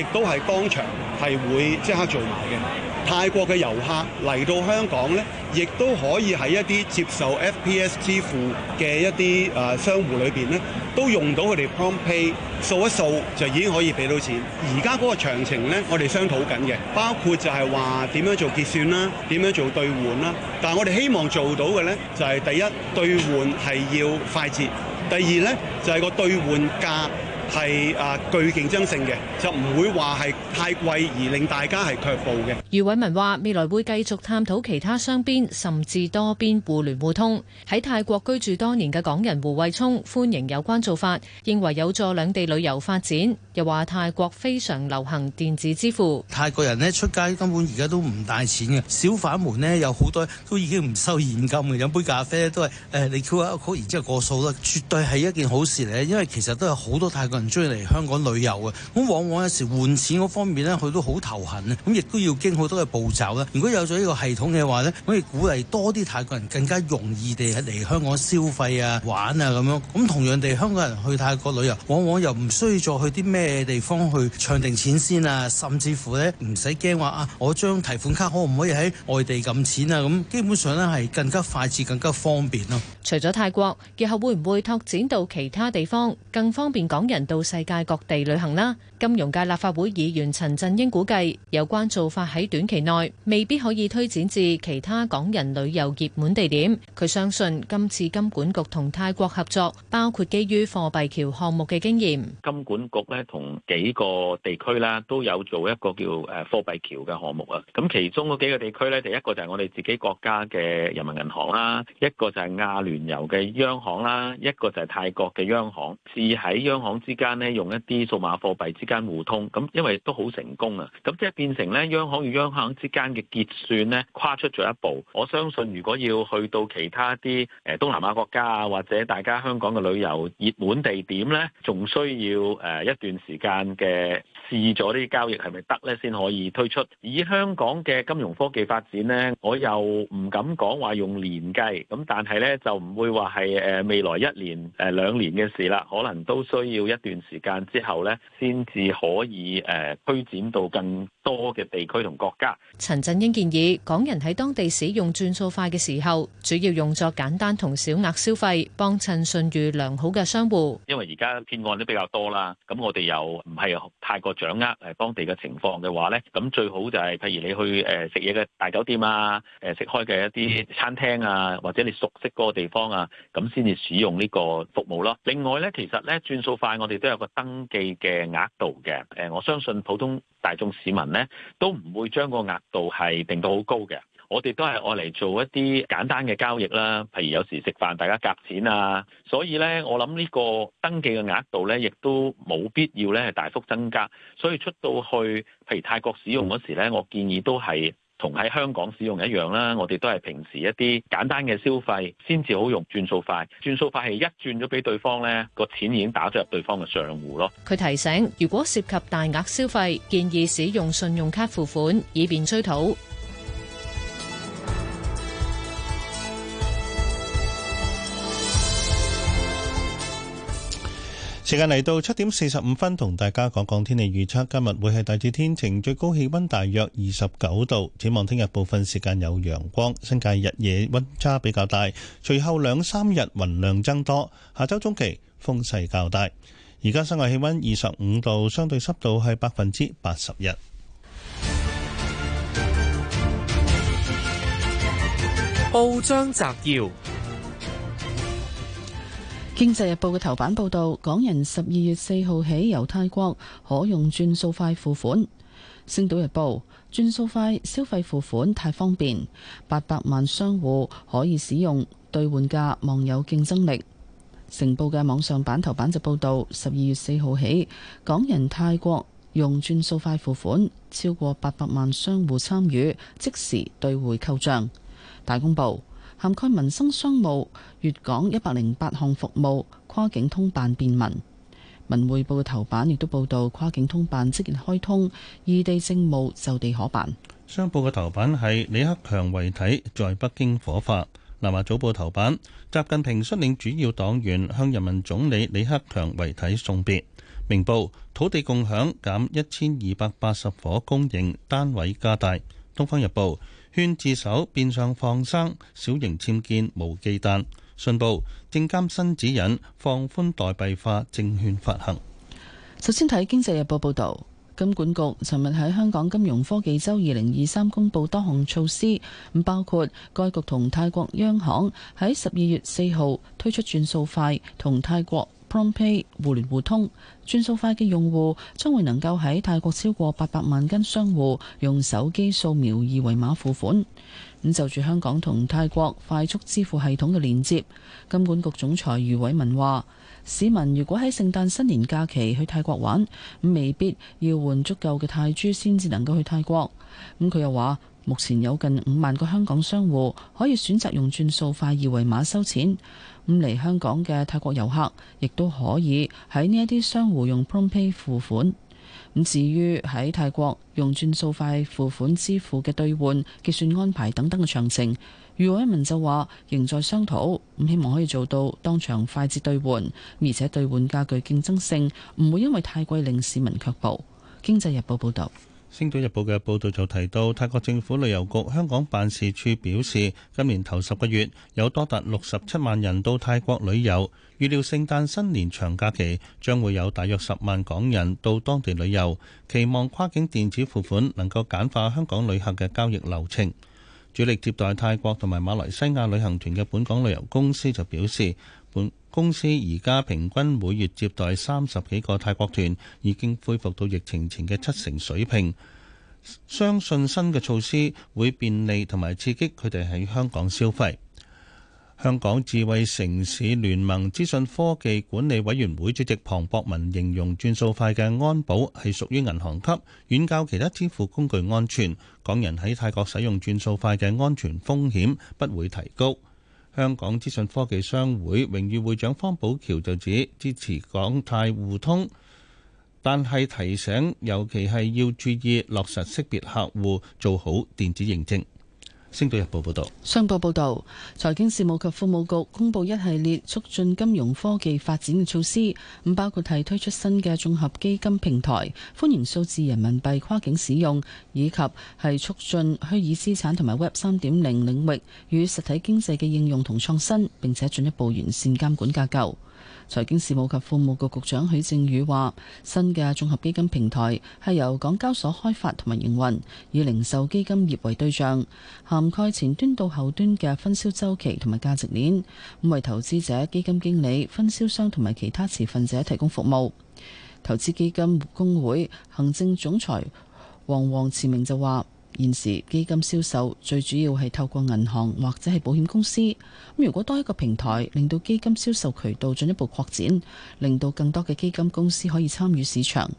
亦都係當場係會即刻做埋嘅。泰國嘅遊客嚟到香港呢，亦都可以喺一啲接受 FPS 支付嘅一啲誒、呃、商戶裏邊呢，都用到佢哋 PromptPay 掃一掃就已經可以俾到錢。而家嗰個詳情呢，我哋商討緊嘅，包括就係話點樣做結算啦，點樣做兌換啦。但係我哋希望做到嘅呢，就係、是、第一兌換係要快捷，第二呢，就係、是、個兌換價。係啊，具競爭性嘅，就唔會話係太貴而令大家係卻步嘅。余偉文話：未來會繼續探討其他雙邊甚至多邊互聯互通。喺泰國居住多年嘅港人胡惠聰歡迎有關做法，認為有助兩地旅遊發展。又話泰國非常流行電子支付，泰國人呢出街根本而家都唔帶錢嘅，小販們呢有好多都已經唔收現金嘅，飲杯咖啡都係誒、呃、你扣一扣，然之後過數啦，絕對係一件好事嚟嘅，因為其實都有好多泰國。鍾意嚟香港旅遊嘅，咁往往有時換錢嗰方面呢，佢都好頭痕啊！咁亦都要經好多嘅步驟咧。如果有咗呢個系統嘅話呢，可以鼓勵多啲泰國人更加容易地嚟香港消費啊、玩啊咁樣。咁同樣地，香港人去泰國旅遊，往往又唔需要再去啲咩地方去唱定錢先啊，甚至乎呢，唔使驚話啊，我張提款卡可唔可以喺外地撳錢啊？咁基本上呢，係更加快捷、更加方便咯。除咗泰國，以後會唔會拓展到其他地方，更方便港人？到世界各地旅行啦。金融界立法會議員陳振英估計，有關做法喺短期內未必可以推展至其他港人旅遊熱門地點。佢相信今次金管局同泰國合作，包括基於貨幣橋項目嘅經驗。金管局咧同幾個地區啦都有做一個叫誒貨幣橋嘅項目啊。咁其中嗰幾個地區咧，第一個就係我哋自己國家嘅人民銀行啦，一個就係阿聯酋嘅央行啦，一個就係泰國嘅央行。至喺央行之間咧用一啲數碼貨幣之間互通，咁因為都好成功啊！咁即係變成咧央行與央行之間嘅結算咧跨出咗一步。我相信如果要去到其他啲誒東南亞國家啊，或者大家香港嘅旅遊熱門地點咧，仲需要誒一段時間嘅。試咗啲交易係咪得呢？先可以推出。以香港嘅金融科技發展呢，我又唔敢講話用年計。咁但係呢，就唔會話係誒未來一年、誒兩年嘅事啦。可能都需要一段時間之後呢，先至可以誒、呃、推展到更多嘅地區同國家，陳振英建議港人喺當地使用轉數快嘅時候，主要用作簡單同小額消費，幫襯信譽良好嘅商戶。因為而家騙案都比較多啦，咁我哋又唔係太過掌握誒當地嘅情況嘅話咧，咁最好就係譬如你去誒食嘢嘅大酒店啊，誒食開嘅一啲餐廳啊，或者你熟悉嗰個地方啊，咁先至使用呢個服務咯。另外咧，其實咧轉數快我哋都有個登記嘅額度嘅，誒我相信普通大眾市民咧。都唔會將個額度係定到好高嘅，我哋都係愛嚟做一啲簡單嘅交易啦。譬如有時食飯大家夾錢啊，所以呢，我諗呢個登記嘅額度呢，亦都冇必要呢係大幅增加。所以出到去，譬如泰國使用嗰時呢，我建議都係，同喺香港使用一樣啦，我哋都係平時一啲簡單嘅消費先至好用轉數快，轉數快係一轉咗俾對方呢個錢已經打咗入對方嘅賬戶咯。佢提醒，如果涉及大額消費，建議使用信用卡付款，以便追討。時間嚟到七點四十五分，同大家講講天氣預測。今日會係大致天晴，最高氣温大約二十九度。展望聽日部分時間有陽光，新界日夜温差比較大。隨後兩三日雲量增多，下周中期風勢較大。而家室外氣温二十五度，相對濕度係百分之八十一。報章摘要。經濟日報嘅頭版報道，港人十二月四號起由泰國可用轉數快付款。星島日報，轉數快消費付款太方便，八百萬商戶可以使用，兌換價望有競爭力。成報嘅網上版頭版就報道，十二月四號起港人泰國用轉數快付款，超過八百萬商戶參與，即時兌回扣賬。大公報涵蓋民生商務粵港一百零八項服務跨境通辦便民。文匯報嘅頭版亦都報導跨境通辦即日開通，異地政務就地可辦。商報嘅頭版係李克強遺體在北京火化。南華早報頭版，習近平率領主要黨員向人民總理李克強遺體送別。明報，土地共享減一千二百八十伙，供應單位加大。東方日報，勸自首變相放生，小型僭建無忌憚。信報證監新指引放寬代幣化證券發行。首先睇經濟日報報導，金管局尋日喺香港金融科技周二零二三公佈多項措施，包括該局同泰國央行喺十二月四號推出轉數快同泰國 PromptPay 互聯互通。轉數快嘅用戶將會能夠喺泰國超過八百萬間商戶用手機掃描二維碼付款。咁就住香港同泰國快速支付系統嘅連接，金管局總裁余偉文話，市民如果喺聖誕新年假期去泰國玩，未必要換足夠嘅泰銖先至能夠去泰國，咁佢又話目前有近五萬個香港商戶可以選擇用轉數快二維碼收錢，咁嚟香港嘅泰國遊客亦都可以喺呢一啲商戶用 PromptPay 付款。咁至於喺泰國用轉數快付款支付嘅兌換結算安排等等嘅詳情，余偉文就話仍在商討，咁希望可以做到當場快捷兌換，而且兌換價具競爭性，唔會因為太貴令市民卻步。經濟日報報導。星島日報嘅報道就提到，泰國政府旅遊局香港辦事處表示，今年頭十個月有多達六十七萬人到泰國旅遊，預料聖誕新年長假期將會有大約十萬港人到當地旅遊，期望跨境電子付款能夠簡化香港旅客嘅交易流程。主力接待泰國同埋馬來西亞旅行團嘅本港旅遊公司就表示：公司而家平均每月接待三十幾個泰國團，已經恢復到疫情前嘅七成水平。相信新嘅措施會便利同埋刺激佢哋喺香港消費。香港智慧城市聯盟資訊科技管理委員會主席龐博文形容轉數快嘅安保係屬於銀行級，遠較其他支付工具安全。港人喺泰國使用轉數快嘅安全風險不會提高。香港資訊科技商會榮譽會長方寶橋就指支持港泰互通，但係提醒尤其係要注意落實識別客戶，做好電子認證。星島日報報道，商報報道，財經事務及庫務局公佈一系列促進金融科技發展嘅措施，咁包括係推出新嘅綜合基金平台，歡迎數字人民幣跨境使用，以及係促進虛擬資產同埋 Web 三點零領域與實體經濟嘅應用同創新，並且進一步完善監管架構。財經事務及庫務局局長許正宇話：新嘅綜合基金平台係由港交所開發同埋營運，以零售基金業為對象，涵蓋前端到後端嘅分銷周期同埋價值鏈，為投資者、基金經理、分銷商同埋其他持份者提供服務。投資基金公會行政總裁黃黃慈明就話。現時基金銷售最主要係透過銀行或者係保險公司。咁如果多一個平台，令到基金銷售渠道進一步擴展，令到更多嘅基金公司可以參與市場，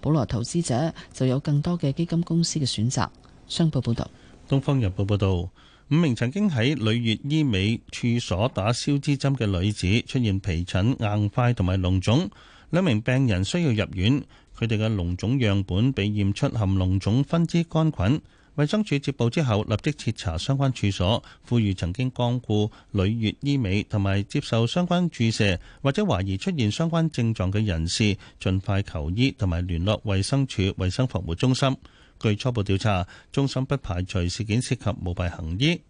保羅投資者就有更多嘅基金公司嘅選擇。商報報道，《東方日報》報道，五名曾經喺里月醫美處所打消脂針嘅女子出現皮疹硬、硬塊同埋膿腫，兩名病人需要入院。佢哋嘅膿腫樣本被驗出含膿腫分枝桿菌。衛生署接報之後，立即徹查相關處所，呼籲曾經光顧旅悅醫美同埋接受相關注射或者懷疑出現相關症狀嘅人士，盡快求醫同埋聯絡衛生署衛生防護中心。據初步調查，中心不排除事件涉及無牌行醫。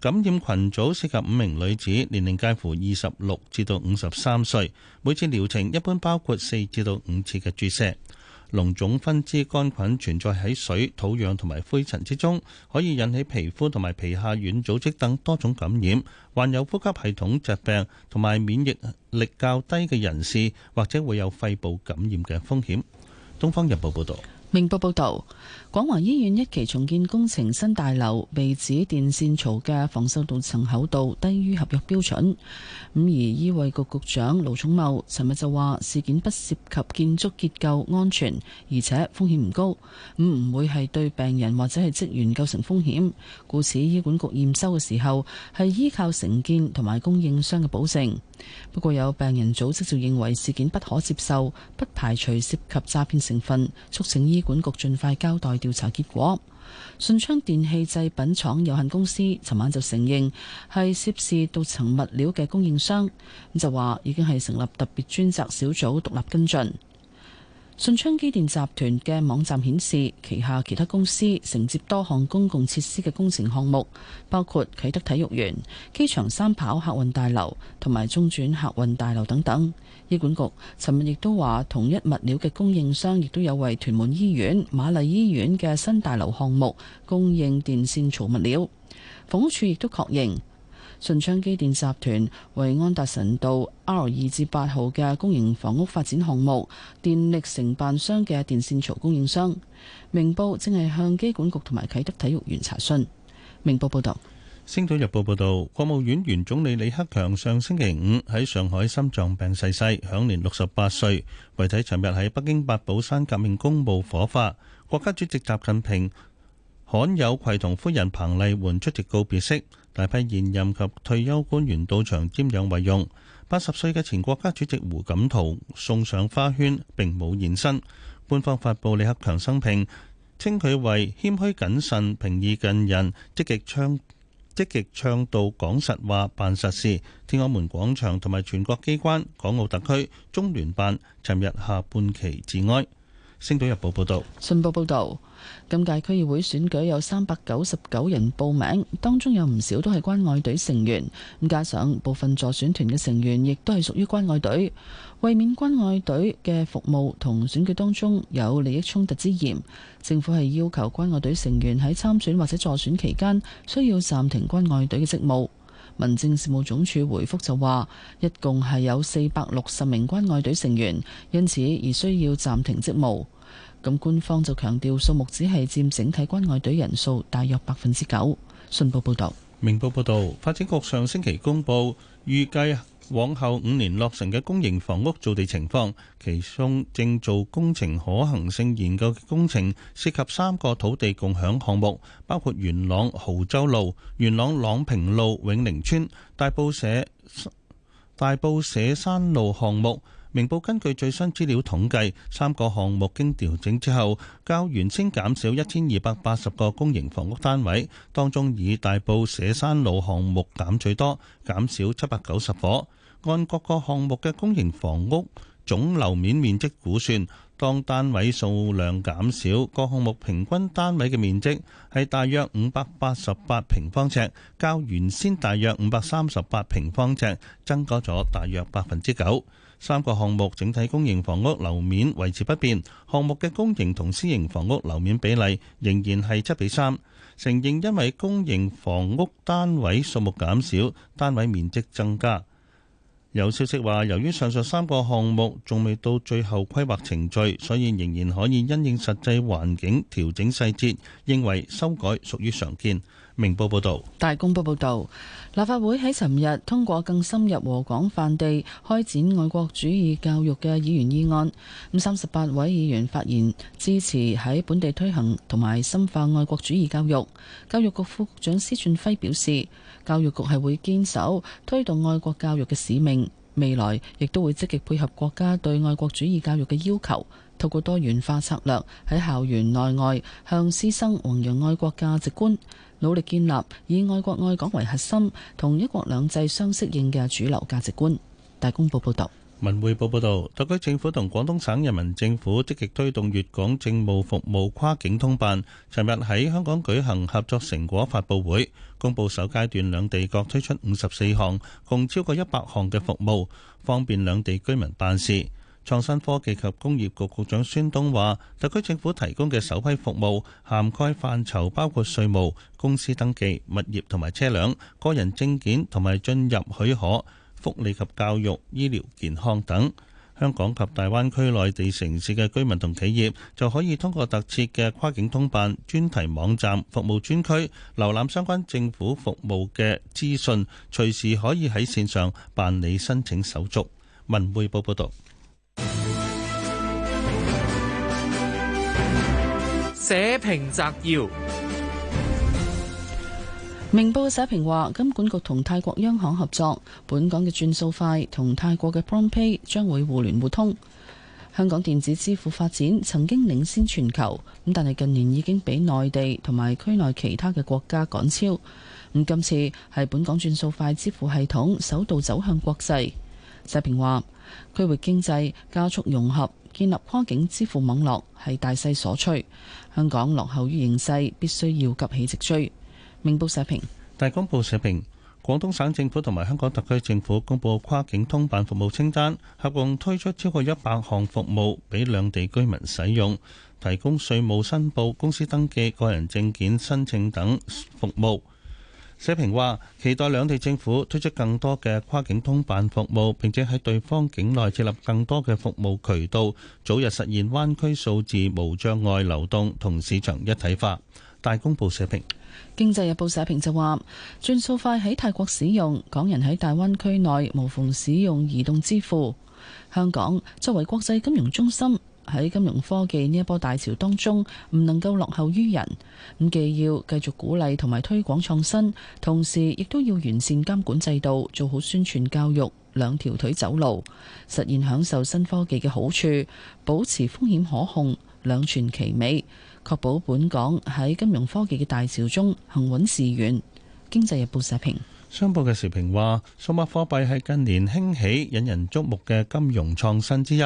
感染群組涉及五名女子，年齡介乎二十六至到五十三歲，每次療程一般包括四至到五次嘅注射。膿腫分枝桿菌存在喺水、土壤同埋灰塵之中，可以引起皮膚同埋皮下軟組織等多種感染。患有呼吸系統疾病同埋免疫力較低嘅人士，或者會有肺部感染嘅風險。東方日報報道，明報報道。廣華醫院一期重建工程新大樓被指電線槽嘅防鏽鍍層厚度低於合約標準，咁而醫衛局局長盧寵茂尋日就話事件不涉及建築結構安全，而且風險唔高，咁、嗯、唔會係對病人或者係職員構成風險，故此醫管局驗收嘅時候係依靠承建同埋供應商嘅保證。不過有病人組織就認為事件不可接受，不排除涉及詐騙成分，促請醫管局盡快交代。調查結果，順昌電器製品廠有限公司尋晚就承認係涉事塗層物料嘅供應商，咁就話已經係成立特別專責小組獨立跟進。順昌機電集團嘅網站顯示，旗下其他公司承接多項公共設施嘅工程項目，包括啟德體育園、機場三跑客運大樓同埋中轉客運大樓等等。醫管局尋日亦都話，同一物料嘅供應商亦都有為屯門醫院、瑪麗醫院嘅新大樓項目供應電線槽物料。房屋署亦都確認，順昌機電集團為安達臣道 R 二至八號嘅公營房屋發展項目電力承辦商嘅電線槽供應商。明報正係向機管局同埋啟德體育園查詢。明報報道。《星島日報》報道，國務院原總理李克強上星期五喺上海心臟病逝世，享年六十八歲。遺體尋日喺北京八寶山革命公墓火化。國家主席習近平罕有攜同夫人彭麗媛出席告別式，大批現任及退休官員到場瞻仰遺容。八十歲嘅前國家主席胡錦濤送上花圈，並冇現身。官方發佈李克強生平，稱佢為謙虛謹慎、平易近人、積極倡。積極倡導講實話、辦實事。天安門廣場同埋全國機關、港澳特區、中聯辦，尋日下半旗致哀。星島日報報道。信報報導。今屆區議會選舉有三百九十九人報名，當中有唔少都係關愛隊成員，咁加上部分助選團嘅成員亦都係屬於關愛隊，為免關愛隊嘅服務同選舉當中有利益衝突之嫌，政府係要求關愛隊成員喺參選或者助選期間需要暫停關愛隊嘅職務。民政事務總署回覆就話，一共係有四百六十名關愛隊成員，因此而需要暫停職務。咁官方就強調數目只係佔整體關愛隊人數大約百分之九。信報報道：「道報明報報道，發展局上星期公佈預計往後五年落成嘅公營房屋造地情況，其中正做工程可行性研究嘅工程涉及三個土地共享項目，包括元朗濠州路、元朗朗平路永寧村、大埔社大埔社山路項目。明報根據最新資料統計，三個項目經調整之後，較原先減少一千二百八十個公營房屋單位，當中以大埔社山路項目減最多，減少七百九十伙。按各個項目嘅公營房屋總樓面面積估算，當單位數量減少，各項目平均單位嘅面積係大約五百八十八平方尺，較原先大約五百三十八平方尺，增加咗大約百分之九。三個項目整體公營房屋樓面維持不變，項目嘅公營同私營房屋樓面比例仍然係七比三。承認因為公營房屋單位數目減少，單位面積增加。有消息話，由於上述三個項目仲未到最後規劃程序，所以仍然可以因應實際環境調整細節，認為修改屬於常見。明報報道，大公報報道，立法會喺尋日通過更深入和廣泛地開展愛國主義教育嘅議員議案。咁三十八位議員發言支持喺本地推行同埋深化愛國主義教育。教育局副局長施俊輝表示，教育局係會堅守推動愛國教育嘅使命，未來亦都會積極配合國家對愛國主義教育嘅要求。透過多元化策略喺校園內外向師生弘揚愛國價值觀，努力建立以愛國愛港為核心、同一國兩制相適應嘅主流價值觀。大公報報道。文匯報報道，特區政府同廣東省人民政府積極推動粵港政務服務跨境通辦，尋日喺香港舉行合作成果發布會，公布首階段兩地各推出五十四項，共超過一百項嘅服務，方便兩地居民辦事。創新科技及工業局局長孫東話，特區政府提供嘅首批服務涵蓋範疇包括稅務、公司登記、物業同埋車輛、個人證件同埋進入許可、福利及教育、醫療健康等。香港及大灣區內地城市嘅居民同企業就可以通過特設嘅跨境通辦專題網站服務專區，瀏覽相關政府服務嘅資訊，隨時可以喺線上辦理申請手續。文匯報報導。社評摘要：明報社評話，金管局同泰國央行合作，本港嘅轉數快同泰國嘅 PromptPay 將會互聯互通。香港電子支付發展曾經領先全球，咁但係近年已經俾內地同埋區內其他嘅國家趕超。咁今次係本港轉數快支付系統首度走向國際。社評話，區域經濟加速融合。建立跨境支付網絡係大勢所趨，香港落後於形勢，必須要急起直追。明報社評。大公報社評，廣東省政府同埋香港特區政府公布跨境通辦服務清單，合共推出超過一百項服務畀兩地居民使用，提供稅務申報、公司登記、個人證件申請等服務。社評話，期待兩地政府推出更多嘅跨境通辦服務，並且喺對方境內設立更多嘅服務渠道，早日實現灣區數字無障礙流動同市場一體化。大公報社評，經濟日報社評就話，轉數快喺泰國使用，港人喺大灣區內無縫使用移動支付。香港作為國際金融中心。喺金融科技呢一波大潮當中，唔能夠落後於人，咁既要繼續鼓勵同埋推廣創新，同時亦都要完善監管制度，做好宣傳教育，兩條腿走路，實現享受新科技嘅好處，保持風險可控，兩全其美，確保本港喺金融科技嘅大潮中行穩致遠。經濟日報社評，商報嘅時評話，數碼貨幣係近年興起、引人矚目嘅金融創新之一，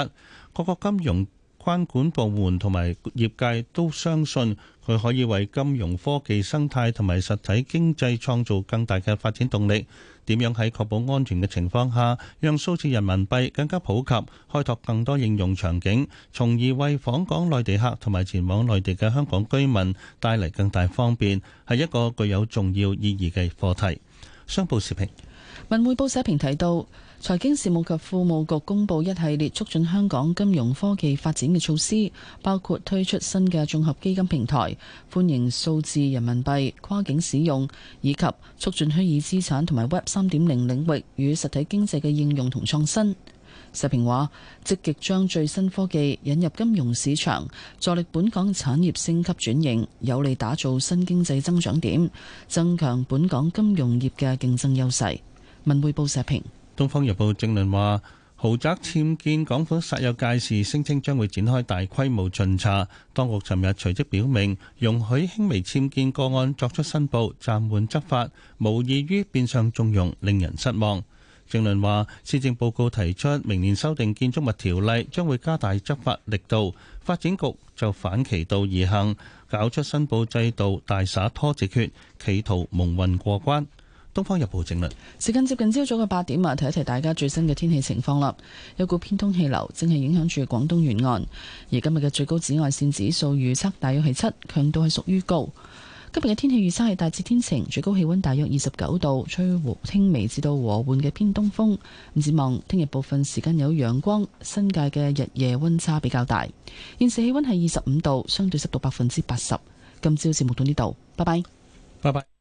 各國金融。關管部門同埋業界都相信佢可以為金融科技生態同埋實體經濟創造更大嘅發展動力。點樣喺確保安全嘅情況下，讓數字人民幣更加普及，開拓更多應用場景，從而為訪港內地客同埋前往內地嘅香港居民帶嚟更大方便，係一個具有重要意義嘅課題。商報時評，《文匯報》社評提到。財經事務及庫務局公布一系列促進香港金融科技發展嘅措施，包括推出新嘅綜合基金平台，歡迎數字人民幣跨境使用，以及促進虛擬資產同埋 Web 三點零領域與實體經濟嘅應用同創新。社評話：積極將最新科技引入金融市場，助力本港產業升級轉型，有利打造新經濟增長點，增強本港金融業嘅競爭優勢。文匯報社評。《東方日報》正論話，豪宅僭建港府煞有介事，聲稱將會展開大規模巡查。當局尋日隨即表明，容許輕微僭建個案作出申報，暫緩執法，無異於變相縱容，令人失望。正論話，施政報告提出明年修訂建築物條例，將會加大執法力度。發展局就反其道而行，搞出申報制度大灑拖字訣，企圖蒙混過關。《東方日報》整理，時間接近朝早嘅八點啊，提一提大家最新嘅天氣情況啦。有股偏東氣流正係影響住廣東沿岸，而今日嘅最高紫外線指數預測大約係七，強度係屬於高。今日嘅天氣預測係大致天晴，最高氣溫大約二十九度，吹和輕微至到和緩嘅偏東風。展望聽日部分時間有陽光，新界嘅日夜溫差比較大。現時氣溫係二十五度，相對濕度百分之八十。今朝節目到呢度，拜拜，拜拜。